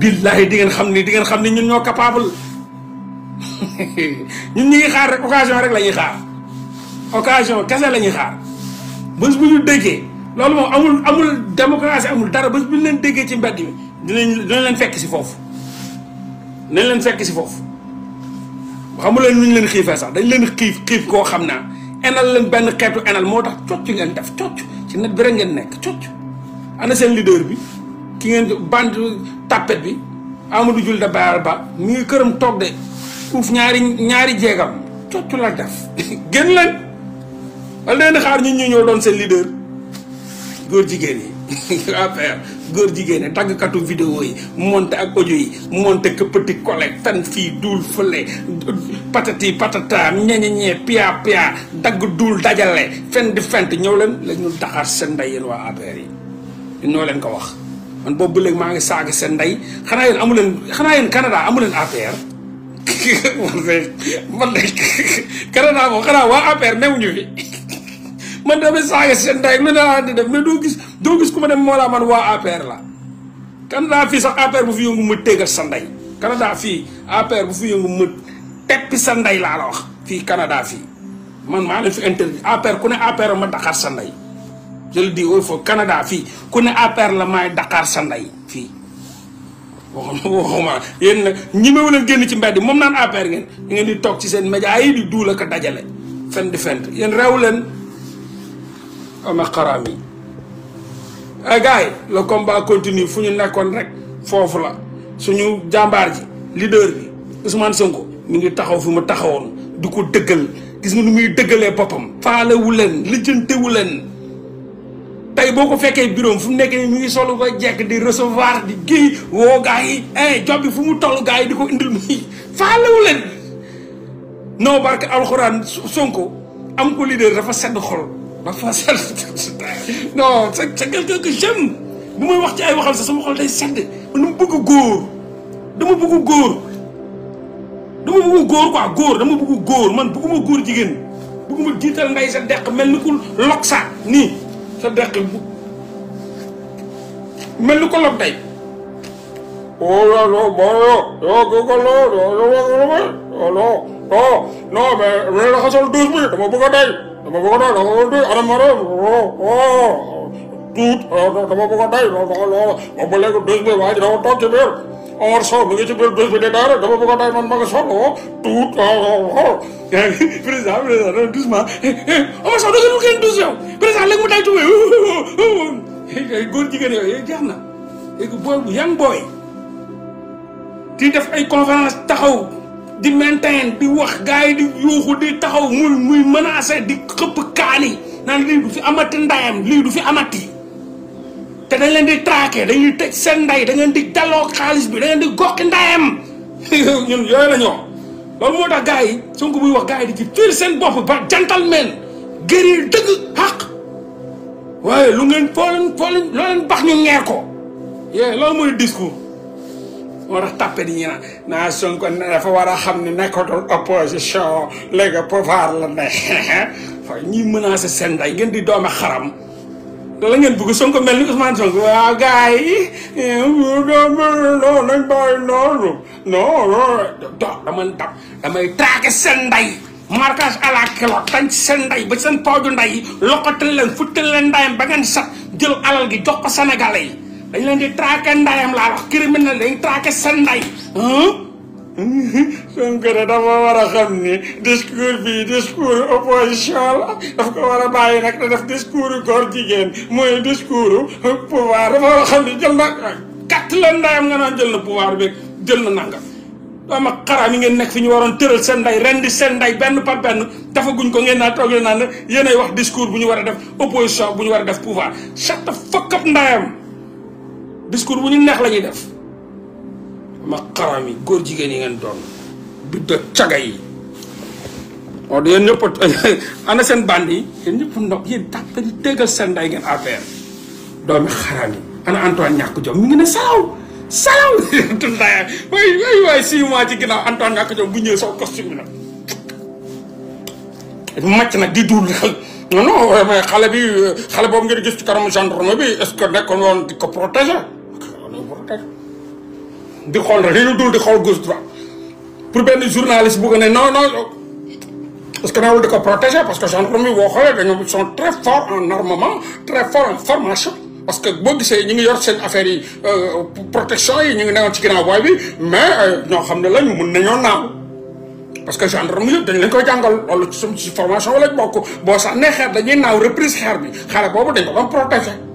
S1: billaahi di ngeen xam ni di ngeen xam ni ñun ñoo capable ñun ñuy ngi xaar rek occasion rek la ñuy xaar occasion la ñuy xaar bés bu ñu déggee loolu moom amul amul démocratie amul dara bés bu ñu leen déggee ci mbedd mi dinañ dinañ leen fekk si foofu dinañ leen fekk si foofu xamu leen nu ñu leen xiifee sax dañ leen xiif xiif koo xam naa enal leen benn xeetu enal moo tax cocc ngeen def cocc ci net bi rek ngeen nekk cocc ana seen leader bi ki ngeen bant tapet bi Amadou jul Dabal Ba mu ngi këram toog de uuf ñaari ñaari jeegam cocc la def génn leen wala leen xaar ñun ñu ñoo doon seen leader góor jigéen yi affaire góor jigéen yi tàggkatu vidéo yi monté ak audio yi monté këppati collègue tan fii duul fële patati patata ñeñeñee pia pia dagg duul dajale fen di fent ñëw leen la ñu taxaar seen ndey yéen waa affaire yi ñoo leen ko wax man boobu ba léegi maa ngi saagi seen ndey xanaa yéen amu xanaa yéen Canada amu leen APR de Canada moom xanaa waa APR newuñu fi man damay saaga seen ndey lu ne laa ah, di def mais doo gis doo gis ku dem moo laa man waa APR la Canada fii sax APR bu fi yëngu ma téggal sa ndey Canada fii bu fi yëngu ma sa ndey laa la wax man maa leen fi interdit APR ku ne APR ma daqaar sa ndey je le fii ku ne APR la fii waxuma waxuma yéen nag ñi ma leen génn ci mbedd moom naan APR ngeen ngeen di toog ci seen média yi di duul ak dajale fenn di fenn yéen leen ama xaraam yi eh, gars yi le combat continue fu ñu nekkoon rek foofu la suñu jàmbaar ji leader bi Ousmane Sonko mu ngi taxaw fu mu taxawoon di ko dëggal gis nga nu muy dëggalee boppam faalewu leen lijjantewu leen tey boo ko fekkee bureau fu mu nekk nii mu ngi solu ko jekk di recevoir di géy woo gars yi eh, bi fu mu toll gars yi di ko indil muy faalewu leen non barke alxuraan Sonko am ko leader dafa sedd xol ma fasal non c'est quelqu'un que j'aime bu may wax ci ay waxam sax sama xol day sedd man dama bëgg góor dama bëgg góor dama bëgg góor quoi góor dama bëgg góor man bëgguma góor jigéen bëgguma jiital nday sa deq mel ni ku lok sa nii sa deq mel ni ko lok day ololo bolo yo gogolo lolo lolo non mais la xasal douze bi dama bëgg a day dama bëgg a doy dama bëgg a doy Adama tuut dama bëgg a doy lool ba léegi bés bi Omar Sow mi ngi ci biir bés de daara dama bëgg a man ma nga sonn tuut président président non Omar Sow dama kenn douce yow président léegi mu day tuubee góor jigéen yooyu jeex na yang booy di def ay conférence taxaw di maintain di wax gaa yi di yuuxu di taxaw muy muy menacé di xëpp kaani naan lii du fi amati ndayam lii du fi amati te dañ leen di traqué dañuy tëj seen nday da ngeen di delloo xaalis bi da ngeen di goqi ndayam ñun yooyu la ñoo loolu moo tax gars yi Sonko buy wax gars yi di ci fiir seen bopp ba gentleman guerrier dëgg xaq waaye lu ngeen foo leen foo leen loo leen bax ñu ngeer ko yee loolu mooy discours moo tax tàppe di ñu naa Sonko dafa war a xam ne nekkatul opposition léegi pouvoir la ne fa ñuy menacer seen day ngeen di doome xaram la ngeen bugg Sonko mel ni Ousmane Sonko waaw gars yi non nañ bàyyi noonu non non dama dam damay traquer seen nday marquage à la calotte dañ seen ba seen pooju nday loqatal leen futtal leen ndayam ba ngeen sat jël alal gi jox ko Sénégalais dañ leen di traqué ndayam laa wax criminel dañ traqué seen nday Sonko ne dafa war a xam ni discours bii discours opposition la daf ko war a bàyyi nag da def discours góor jigéen mooy discours pouvoir dafa war a xam ni jël na katt la ndayam nga naan jël na pouvoir bi jël na nangam dama xaraam yi ngeen nekk fi ñu waroon tëral seen nday ren di seen nday benn par benn dafaguñ ko ngeen naa toog leen naan yéenay wax discours bu ñu war a def opposition bu ñu war a def pouvoir shut the fuck up ndayam discours bu ñu neex la ñuy def ma xaram yi góor jigéen yi ngeen doon biddo caga yi waaw oh, yéen ñëpp ana seen band yi yéen ñëpp ndox yéen tàppe di déggal seen nday ngeen affaire doomi xaram yi ana Antoine ñàkk jom mi ngi ne salaw salaw tundaya waay waay waay ci ginnaaw Antoine ñàkk jom bu ñëwee soo costume bi nag nag di duul non non xale bi xale boobu ngeen gis ci kanamu gendarme bi est-ce que nekkoon woon di ko protéger tey. di xool rek dañu dul di xool gauche droite pour benn journaliste bu ko ne non non. parce que nawul di ko protéger parce que gendarme yi boo xoolee dañoo sont très forts en armement très forts en formation parce que boo gisee ñu ngi yor seen affaire yi euh, protection yi ñu ngi newoon ci ginnaaw booy bi mais euh, ñoo xam ne lañu mun nañoo naaw parce que gendarme yëpp dañ lañ koy jàngal loolu ci formation wala bokk boo sax nee xeer dañuy naaw reprise xeer bi xale boobu dañ ko doon protéger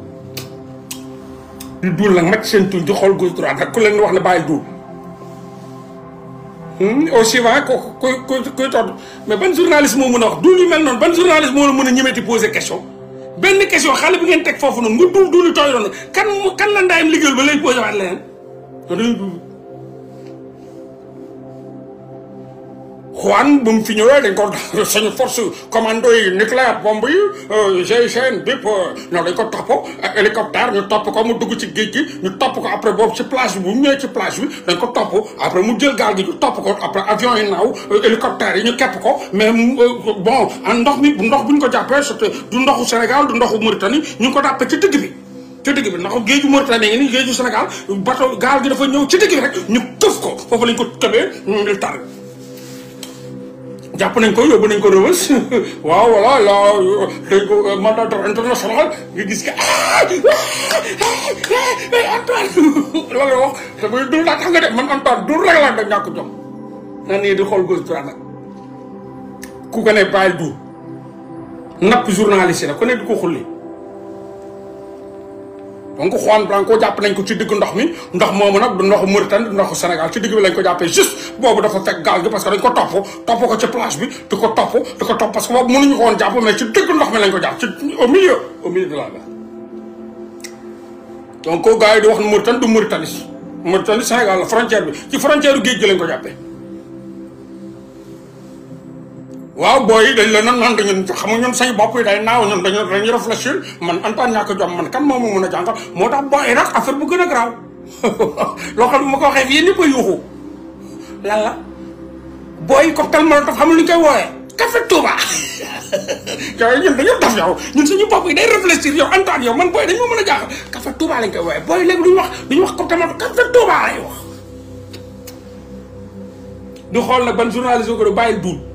S1: di duul nag màcc seen tuñ di xool gauche droite ak ku leen wax ne bàyyi duul. o hmm, suivant ko ku ku kuy toog mais ban journaliste moo mën a wax duul yu mel noonu ban journaliste moo la mën a ñemeeti poser question. benn question xale bi ngeen teg foofu noonu nga duul duul yu tooy doon kan kan la ndaayam liggéeyul ba lay poser waat leneen. Juan bu mu fi ñëwee dañ ko suñu force commando yi nucléaire bombe yi euh, GIGN bépp euh, dañ ko topp hélicoptère ñu topp ko mu dugg ci géej gi ñu topp ko après boobu ci plage bi bu ñëwee ci plage bi dañ topp après mu jël gaal gi ñu topp ko yi naaw euh, hélicoptère yi ko mais bon ndox mi ndox bu ñu ko jàppee c'était du ndoxu Sénégal du ndoxu Mauritanie ñu ko dàppee ci digg bi bi ndax géeju Mauritanie ngi nii géeju Sénégal bateau gaal gi dafa ñëw ci digg bi rek ñu këf ko foofu lañ ko tëbee tar jàpp nañ ko yóbbu nañ ko rëbës waaw voilà la dañ ko euh, mandateur nga gis que ah ah, ah, ah ah Antoine loolu la wax te muy dul daa tax nga de man Antoine dul rek laa ñàkk jom na nii di xool gauche droite nag ku ko ne bàyyi du napp journaliste la ku ne di ko xulli donc Juan Branco jàpp nañ ko ci diggu ndox mi ndox moom nag du ndoxu Mauritanie du ndoxu Sénégal ci digg bi lañ ko jàppee juste boobu dafa fekk gaal gi parce que dañ ko topp topp ko ci plage bi di ko topp di ko topp parce que boobu mënuñu ko woon jàpp mais ci diggu ndox mi lañ ko jàpp ci au milieu au milieu de la mer donc gars yi di wax ne Mauritanie du Mauritanie Mauritanie Sénégal la frontière bi ci frontière géej gi lañ ko jàppee waaw booy dañ la nan nan dañu xam nga ñun say bopp yi day naaw ñun dañu dañuy réfléchir man Antoine ñàkk jom man kan moo ma mën a jàngal moo tax booy nag affaire bu gën a loo xam ma ko waxee fii ñëpp a yuuxu lan la booy cocktail molotov lu ñu koy wooyee café Touba yooyu ñun dañu daf yow ñun suñu bopp yi day réfléchir yow Antoine yow dañ ma mën a jaaxal café Touba lañ koy wooyee booy léegi duñu wax duñu wax cocktail molotov café Touba lay wax du xool nag ban journaliste ko bàyyil duul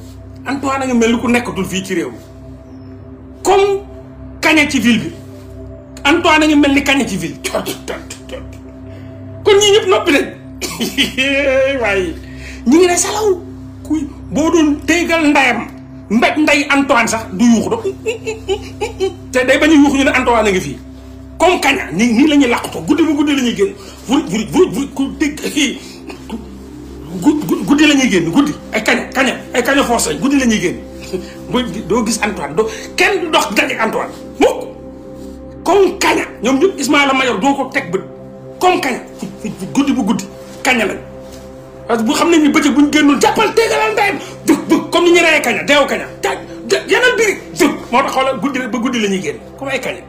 S1: Antoine a nga mel ni ku nekkatul fii ci réew comme kaña ci ville bi Antoine a nga mel ni kaña ci ville cot cot cot kon ñii ñëpp noppi nañ waaye ñi ngi ne salaw kuy boo doon téygal ndayam mbéj nday Antoine sax du yuux do te day bañu ne Antoine a ngi fii comme kaña nii nii la ñuy làqutoo guddi bu guddi la ñuy génn vuruj vuruj vuruj ku dégg guddi la ñuy génn guddi ay kaña kaña ay kaña force lañ guddi la génn bu doo gis Antoine doo kenn du dox daje Antoine mukk comme kaña ñoom ñëpp Ismaïla Madior doo ko teg bët comme kaña guddi bu guddi kaña lañ parce que bu xam ne ñu bëccëg bu ñu génnoon jàppal teegalal ndeyam dug dug comme ni ñu reyee kaña deew kaña taj yeneen birig dug moo tax xoolal guddi ba guddi la ñuy génn comme ay kaña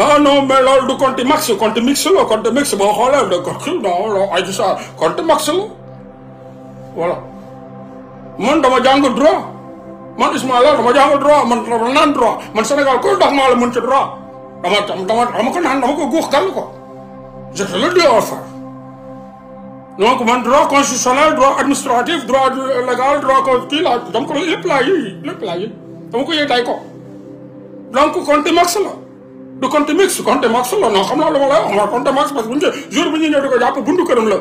S1: ah non mais loolu du compte max compte mix la compte mix boo xoolee de compte non non Adji Sarr compte max la voilà man dama jàng droit man Ismaïla dama jàng droit man dama naan man Sénégal ko ndax maa la ci droit dama dama dama ko naan dama ko guux gàll ko je te le dis enfin donc man droit constitutionnel droit administratif droit légal droit ko kii laa dama ko lépp laa yëy lépp laa yëy dama ko yëy ko donc max la. du compte mix compte max la non xam naa lu ma lay wax ma compte max parce que bu ñu jour bu ñuy ñëw di ko jàpp buntu këram la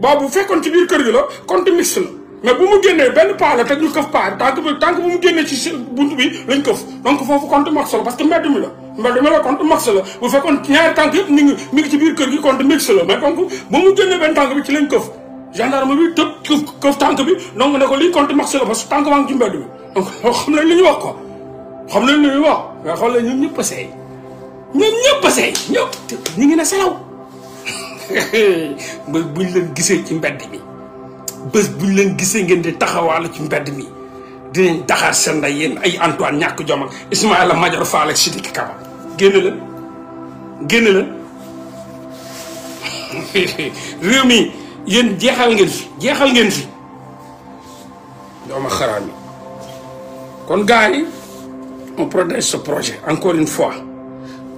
S1: boobu bu fekkoon ci biir kër gi la compte mix la mais bu mu génnee benn paa la te ñu këf paa tànk bi tànk bu mu génnee ci buntu bi lañ këf donc foofu compte max la parce que mbedd mi la mbedd mi la compte max la bu fekkoon ñaari tànk yëpp mi ngi mi ngi ci biir kër gi compte mix la mais donc bu mu génnee benn tànk bi ci lañ këf gendarme bi tëb këf këf tànk bi donc ne ko lii compte max la parce que tànk waa ngi ci mbedd mi donc xam nañ li ñu wax quoi xam nañ li ñu wax mais xool la ñun ñëpp seey ñoom ñëpp a seey ñu ngi ne selaw bés buñ leen gisee ci mbedd mi bés buñ leen gisee ngeen di taxawaalu ci mbedd mi dinañ taxaar seen nday yéen ay Antoine ñàkk jom ak Ismaïla Madior Fall ak Sidiki Kaba génn leen génn leen réew mi yéen jeexal ngeen fi jeexal ngeen fi dooma xaraam yi kon gars yi on protège ce projet encore une fois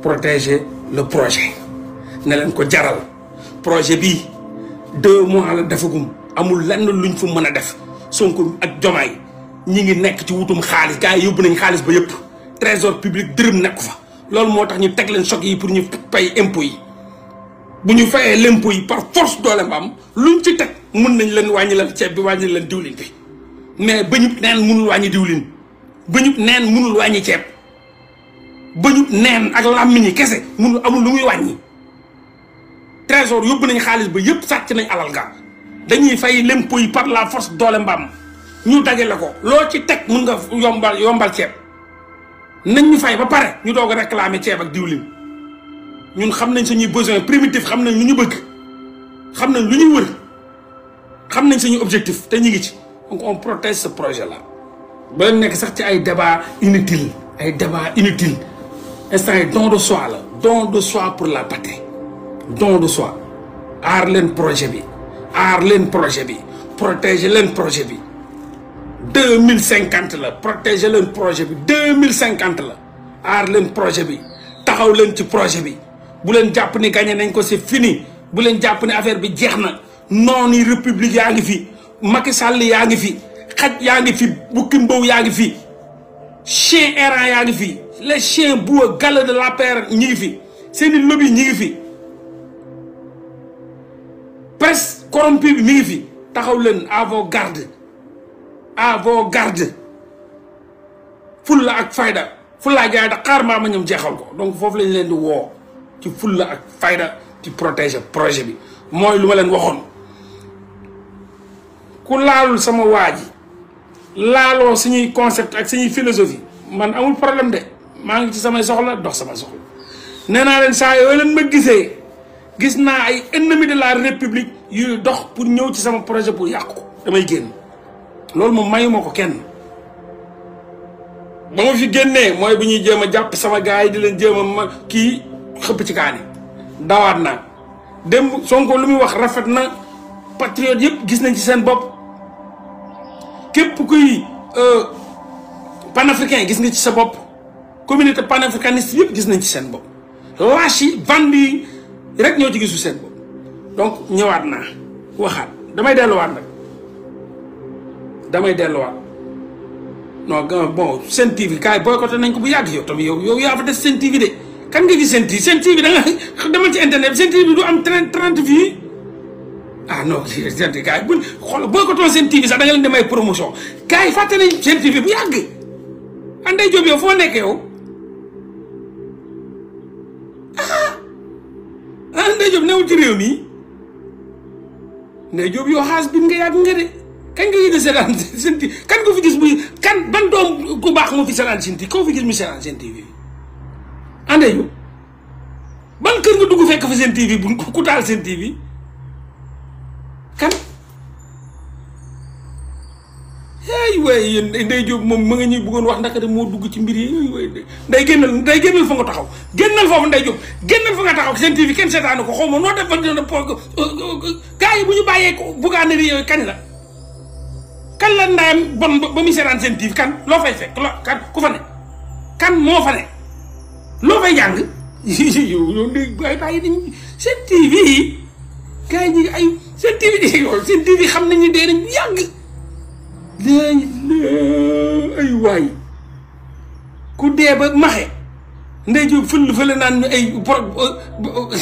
S1: protéger le projet ne leen ko jaral projet bi deux moo la defagum amul lenn lu ñu fa mën a def Sonko ak Jomaay ñi ngi nekk ci wutum xaalis gars yi yóbbu nañ xaalis ba yëpp trésor public dërëm nekku fa loolu moo tax ñu teg leen choc yi pour ñu pay impôts yi bu ñu fayee l'impôt yi par force doole mbaam luñ ci teg mun nañ leen wàññi leen ceeb bi wàññi leen diwlin bi mais ba ñu neen munul wàññi diwlin ba ñu neen munul wàññi ceeb ba bañu neen ak làmmiñ yi kese mun amul lu muy wàññi trésor yóbbu nañ xaalis ba yëpp sàcc nañ alal ga dañuy fay l'impôt yi par la force doole mbaam ñu la ko loo ci teg mun nga yombal yombal ceeb nañ ñu fay ba pare ñu doog a réclamer ceeb ak diwlin ñun xam nañ suñuy besoin primitif xam nañ lu ñu bëgg xam nañ lu ñuy wër xam nañ suñuy objectif te ñu ngi ci donc on protège ce projet la ba nekk sax ci ay débat inutile ay débat inutile instant don de soi la don de soi pour la patrie donc de soi aar leen projet bi aar leen projet bi protéger leen projet bi deux mille cinquante la protéger leen projet bi deux mille cinquante la aar leen projet bi taxaw leen ci projet bi bu leen jàpp ni gagné nañ ko c'est fini bu leen jàpp ni affaire bi jeex na noonu république yaa ngi fi Macky Sall yaa ngi fi xaj yaa ngi fi bukki mbow yaa ngi fi chien errant yaa ngi fi. les chiens boueux galeux de la l'APR ñi ngi fi seeni lobby ñi ngi fi presse corrompue bi mi ngi fi taxaw leen à vos gardes à vos la ak fayda fullaa jaay da xaar maa ma ñoom jeexal ko donc foofu lañu leen di woo ci la ak fayda ci protéger projet bi mooy lu ma leen waxoon ku laalul sama waa ji laaloo suñuy concept ak suñuy philosophie man amul problème de maa ngi ci samay soxla dox sama soxla nee naa leen saa yooyu leen ma gisee gis naa ay ennemis de la république yu dox pour ñëw ci sama projet pour yàqu ko damay génn loolu moom mayuma ko kenn ba ma fi génnee mooy bu ñuy jéem a jàpp sama gars yi di leen jéem ma kii xëpp ci kaani dawaat naa démb Sonko lu muy wax rafet na patriote yëpp gis nañ ci seen bopp képp kuy euh, panafricain gis nga ci sa bopp communauté panafricaniste yëpp gis nañ ci seen bopp lâche yi bande yi rek ñoo ci gis su seen bopp donc ñëwaat naa waxaat damay delluwaat nag damay delluwaat non bon seen TV kaay boycotté nañ ko bu yàgg yow tamit yow yow yaa des seen TV kan nga gis seen TV seen TV da nga demal ci internet seen TV du am trente trente vues ah non seen TV kaay bu xool boycotté seen TV sax da nga leen demay promotion kaay fàtte nañ seen TV bu yàgg Anday Diop yow foo nekk yow. Ndeye Diop newul ci réew mi Ndeye Diop yoo xaas bi nga yàgg nga de kañ nga yëg seetaan Sen TV kan ko fi gis muy kan ban doom ku baax moo fi seetaan Sen TV koo fi gis muy seetaan Sen TV Ndeye kër nga dugg fekk fa Sen TV bu ku taal Sen TV kan ay waay yéen Ndeye Diop moom ma nga ñuy bëggoon wax ndaka de moo dugg ci mbir yi nday génnal nday génnal fa nga taxaw génnal foofu Ndeye Diop génnal fa nga taxaw seen TV kenn seetaanu ko xaw ma noo def ba euh, euh, yi bu kan la ndayam bon ba muy seetaan seen TV kan loo lo kan ku fa kan moo fa loo fay jàng yow yow ndey ay bàyyi nañ seen TV yi gars yi ñu ay seen TV di yow seen TV xam nañu dee nañ yàgg léegi ay waay ku dee ba maxe ndey ju fël fële naan ñu ay euh, euh,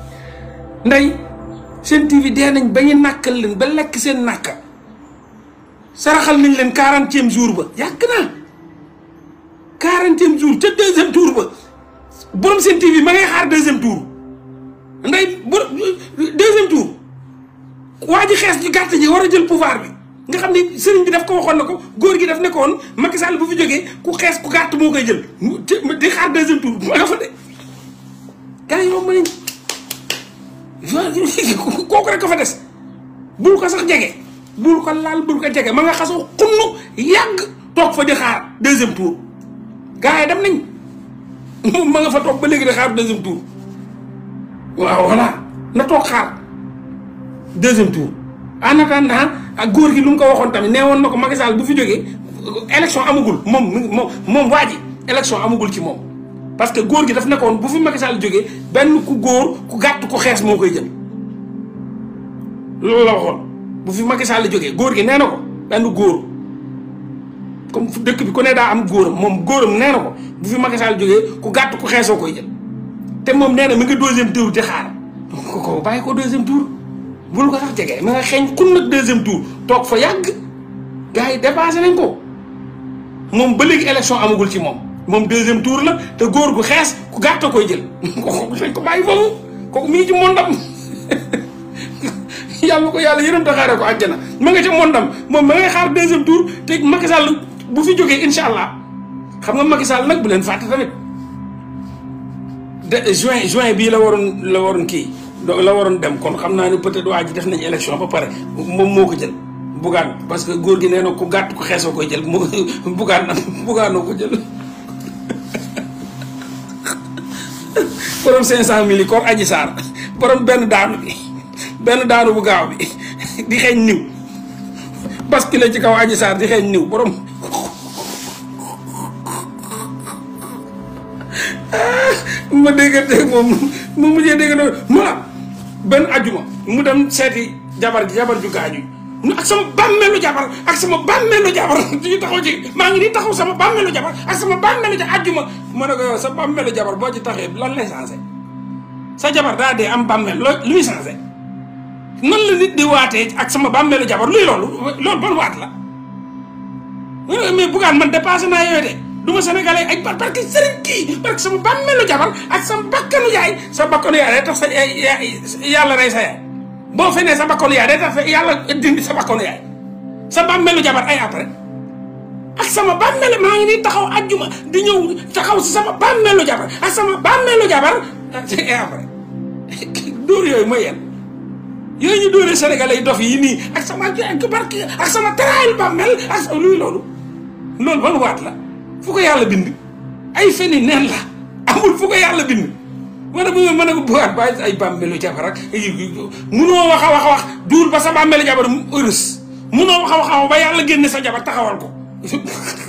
S1: ndey seen TV dee nañ ba ñu nàkkal leen ba lekk seen nàkka saraxal nañ leen quarantième jour ba yàgg naa quarantième jour ca deuxième tour ba borom seen TV ma ngay xaar deuxième tour ndey borom euh, deuxième tour waa ji xees ji gàtt ji war a jël pouvoir bi nga xam ne sëriñ bi daf ko waxoon na ko góor gi daf nekkoon Macky Sall bu fi jógee ku xees ku gàtt moo koy jël di xaar deuxième tour ma nga fa de gars yi moom rek ko des bul ko sax jege bul ko laal ko jege ma nga xasoo xunnu yàgg toog fa di xaar deuxième yi dem nañ ma nga fa toog ba léegi di xaar deuxième tour waaw voilà na toog xaar deuxième tour en attendant ak góor gi lu mu ko waxoon tamit nee woon na ko Macky bu fi jógee élection amagul moom moom waa ji élection amagul ci moom. parce que góor gi daf nekkoon bu fi Macky Sall jógee ku góor ku gàtt ku xees moo koy jël loolu la góor gi nee na ko benn góor. comme dëkk bi ku ne daa am góoram moom góoram nee na ko bu fi Macky jógee ku gàtt ku xeesoo koy jël te moom nee na mi ngi deuxième tour di xaar ko ko bàyyi ko deuxième tour. bul ko sax jege na nga xeeñ kun nag deuxième tour toog fa yàgg gars yi dépassé nañ ko moom ba léegi élection amagul ci moom moom deuxième tour la te góor gu xees ku gàtt koy jël kooku ko bàyyi foofu ko mu ngi ci mondam yàlla ko yàlla yërëm taxaare ko àjjana ma nga ca mondam moom ma ngay xaar deuxième tour te Macky Sall bu fi jógee incha allah xam nga Macky Sall nag bu leen fàtte tamit de juin juin bii la waroon la waroon kii donc la waroon dem kon xam naa ne peut-être waa ji def nañu élection ba pare moom moo ko jël bugaan parce que góor gi nee na ko gàtt ko xeesoo koy jël moo bugaan bugaanoo ko jël borom cinq cent mille yi koor aji saar borom gaaw bi di xeeñ niw bascule ci kaw aji saar di xeeñ niw borom ah, ma déggante moom mu mujjee dégg na ma benn ajjuma mu dem seeti jabar ji jabar ju gaañu ak sama bàmmeelu jabar ak sama bàmmeelu jabar ñu taxaw ci maa ngi di taxaw sama bàmmeelu jabar ak sama bàmmeelu ja ajjuma ma ne ko sa bàmmeelu jabar boo ci taxee lan lay changé sa jabar daa dee am bàmmeel loo luy changé nan la nit ak sama bàmmeelu jabar loolu loolu ban waat la mais bugaan man dépassé naa yooyu de du ma sénégalais ay par parce que sëriñ kii parce que sama bàmmeelu jabar ak sama bakkanu yaay sa bakkanu yaay sa yàlla yaay boo fenee sa bakkanu yaay yàlla dindi sa bakkanu yaay sa bàmmeelu jabar ay après ak sama bàmmeelu maa ngi nii di ñëw taxaw sama bàmmeelu jabar ak sama bàmmeelu jabar ay eh, après dóor yooyu mooy yen yooyu ñu dóoree sénégalais dof yi nii ak sama barke ak sama taraayal bàmmeel ak luy loolu loolu ban waat la fu ko yàlla bind ay feni neen la amul fu ko yàlla bind ma ne ma ne ko bugaat ba ay bàmmeelu jabar ak munoo wax a wax a ba sa bàmmeelu jabar mu heureuse munoo wax a wax ba yàlla génne sa jabar taxawal ko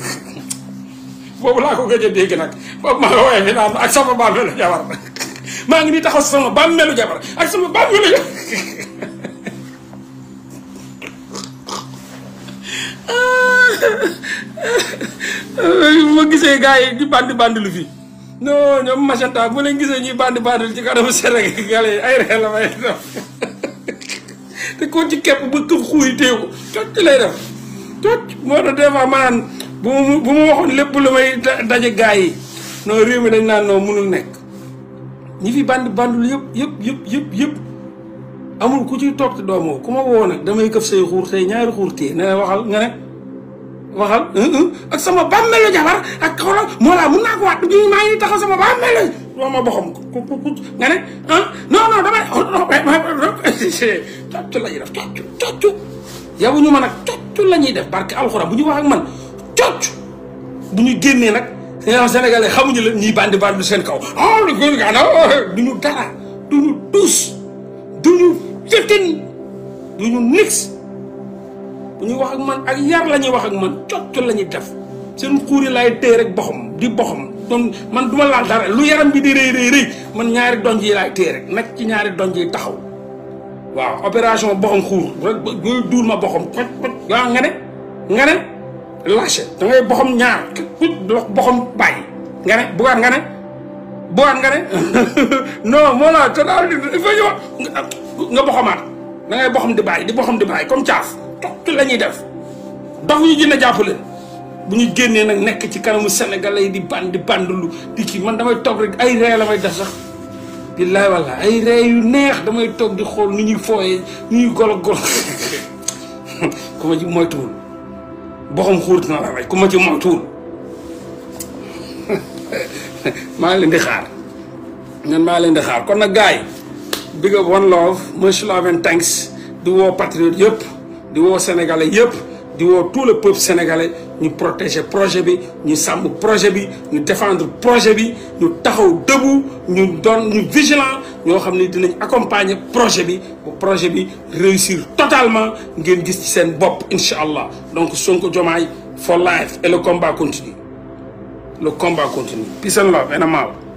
S1: boobu laa ko gëj a dégg nag maa ngi nii taxaw sama bàmmeelu jabar ak sama bàmmeelu jabar Ah. ma gisee gaa yi di bandi bandi lu fi non ñoom Magenta bu leen gisee ñuy bandi bandi lu ci kanamu Sénégal yi ay ree la may def te ko ci képp bu këf xuuy téye ko cocc lay def cocc moo tax des fois ma naan bu mu bu mu waxoon lépp lu may daje gars yi non réew mi dañ naan noo mënul nekk ñi fi bandi bandi lu yëpp yëpp yëpp amul ku ci toog te doomoo ku ma woo nag damay këf say xuur tey ñaari xuur téye ne waxal nga ne waxal ak sama bàmmeelu jabar ak xoolal moo laa mun naa ko waat ñu maa ngi taxaw ma boxam ku la ñuy def cocc cocc yabu bu ñu wax ak man cocc bu ñu génnee nag ñoom sénégalais xamuñu la ñuy bandi seen kaw ah oh, duñu dara jëttani du ñu nix bu ñuy wax ak man ak yar la ñuy wax ak man cocc la ñuy def seen xuuri laay téye rek boxam di boxam donc man duma laal dara lu yaram bi di rëy rëy man ñaari donj yi laay téye rek nag ci ñaari donj yi taxaw waaw opération boxam xuur rek duur ma boxam xoj xoj waaw nga ne nga ne lâché bàyyi nga ne bugaat nga ne bu waat nga ne non voilà te daal il faut ñu nga boxamaat da ngay boxam di bàyyi di boxam di bàyyi comme caaf togtu la ñuy def dox ñu gën a jàppale bu ñu génnee nag nekk ci kanamu senegal yi di band di bandlu di kii man damay toog rek ay ree la may def sax billaay walla ay ree yu neex damay toog di xool nu ñuy fooyee nu ñuy golo golo ku ma ci moytuwul boxam maa ngi leen di xaar man maa leen di xaar kon nag gars yi big up one love much love and thanks di woo patriote yëpp di woo sénégalais yëpp di woo tout le peuple sénégalais ñu protéger projet bi ñu sàmm projet bi ñu défendre projet bi ñu taxaw debout ñu doon ñu vigilant ñoo xam ne dinañ accompagner projet bi bu projet bi réussir totalement ngeen gis ci seen bopp incha allah donc Sonko Diomaye for life et le combat continue le combat continue. Peace and love and I'm out.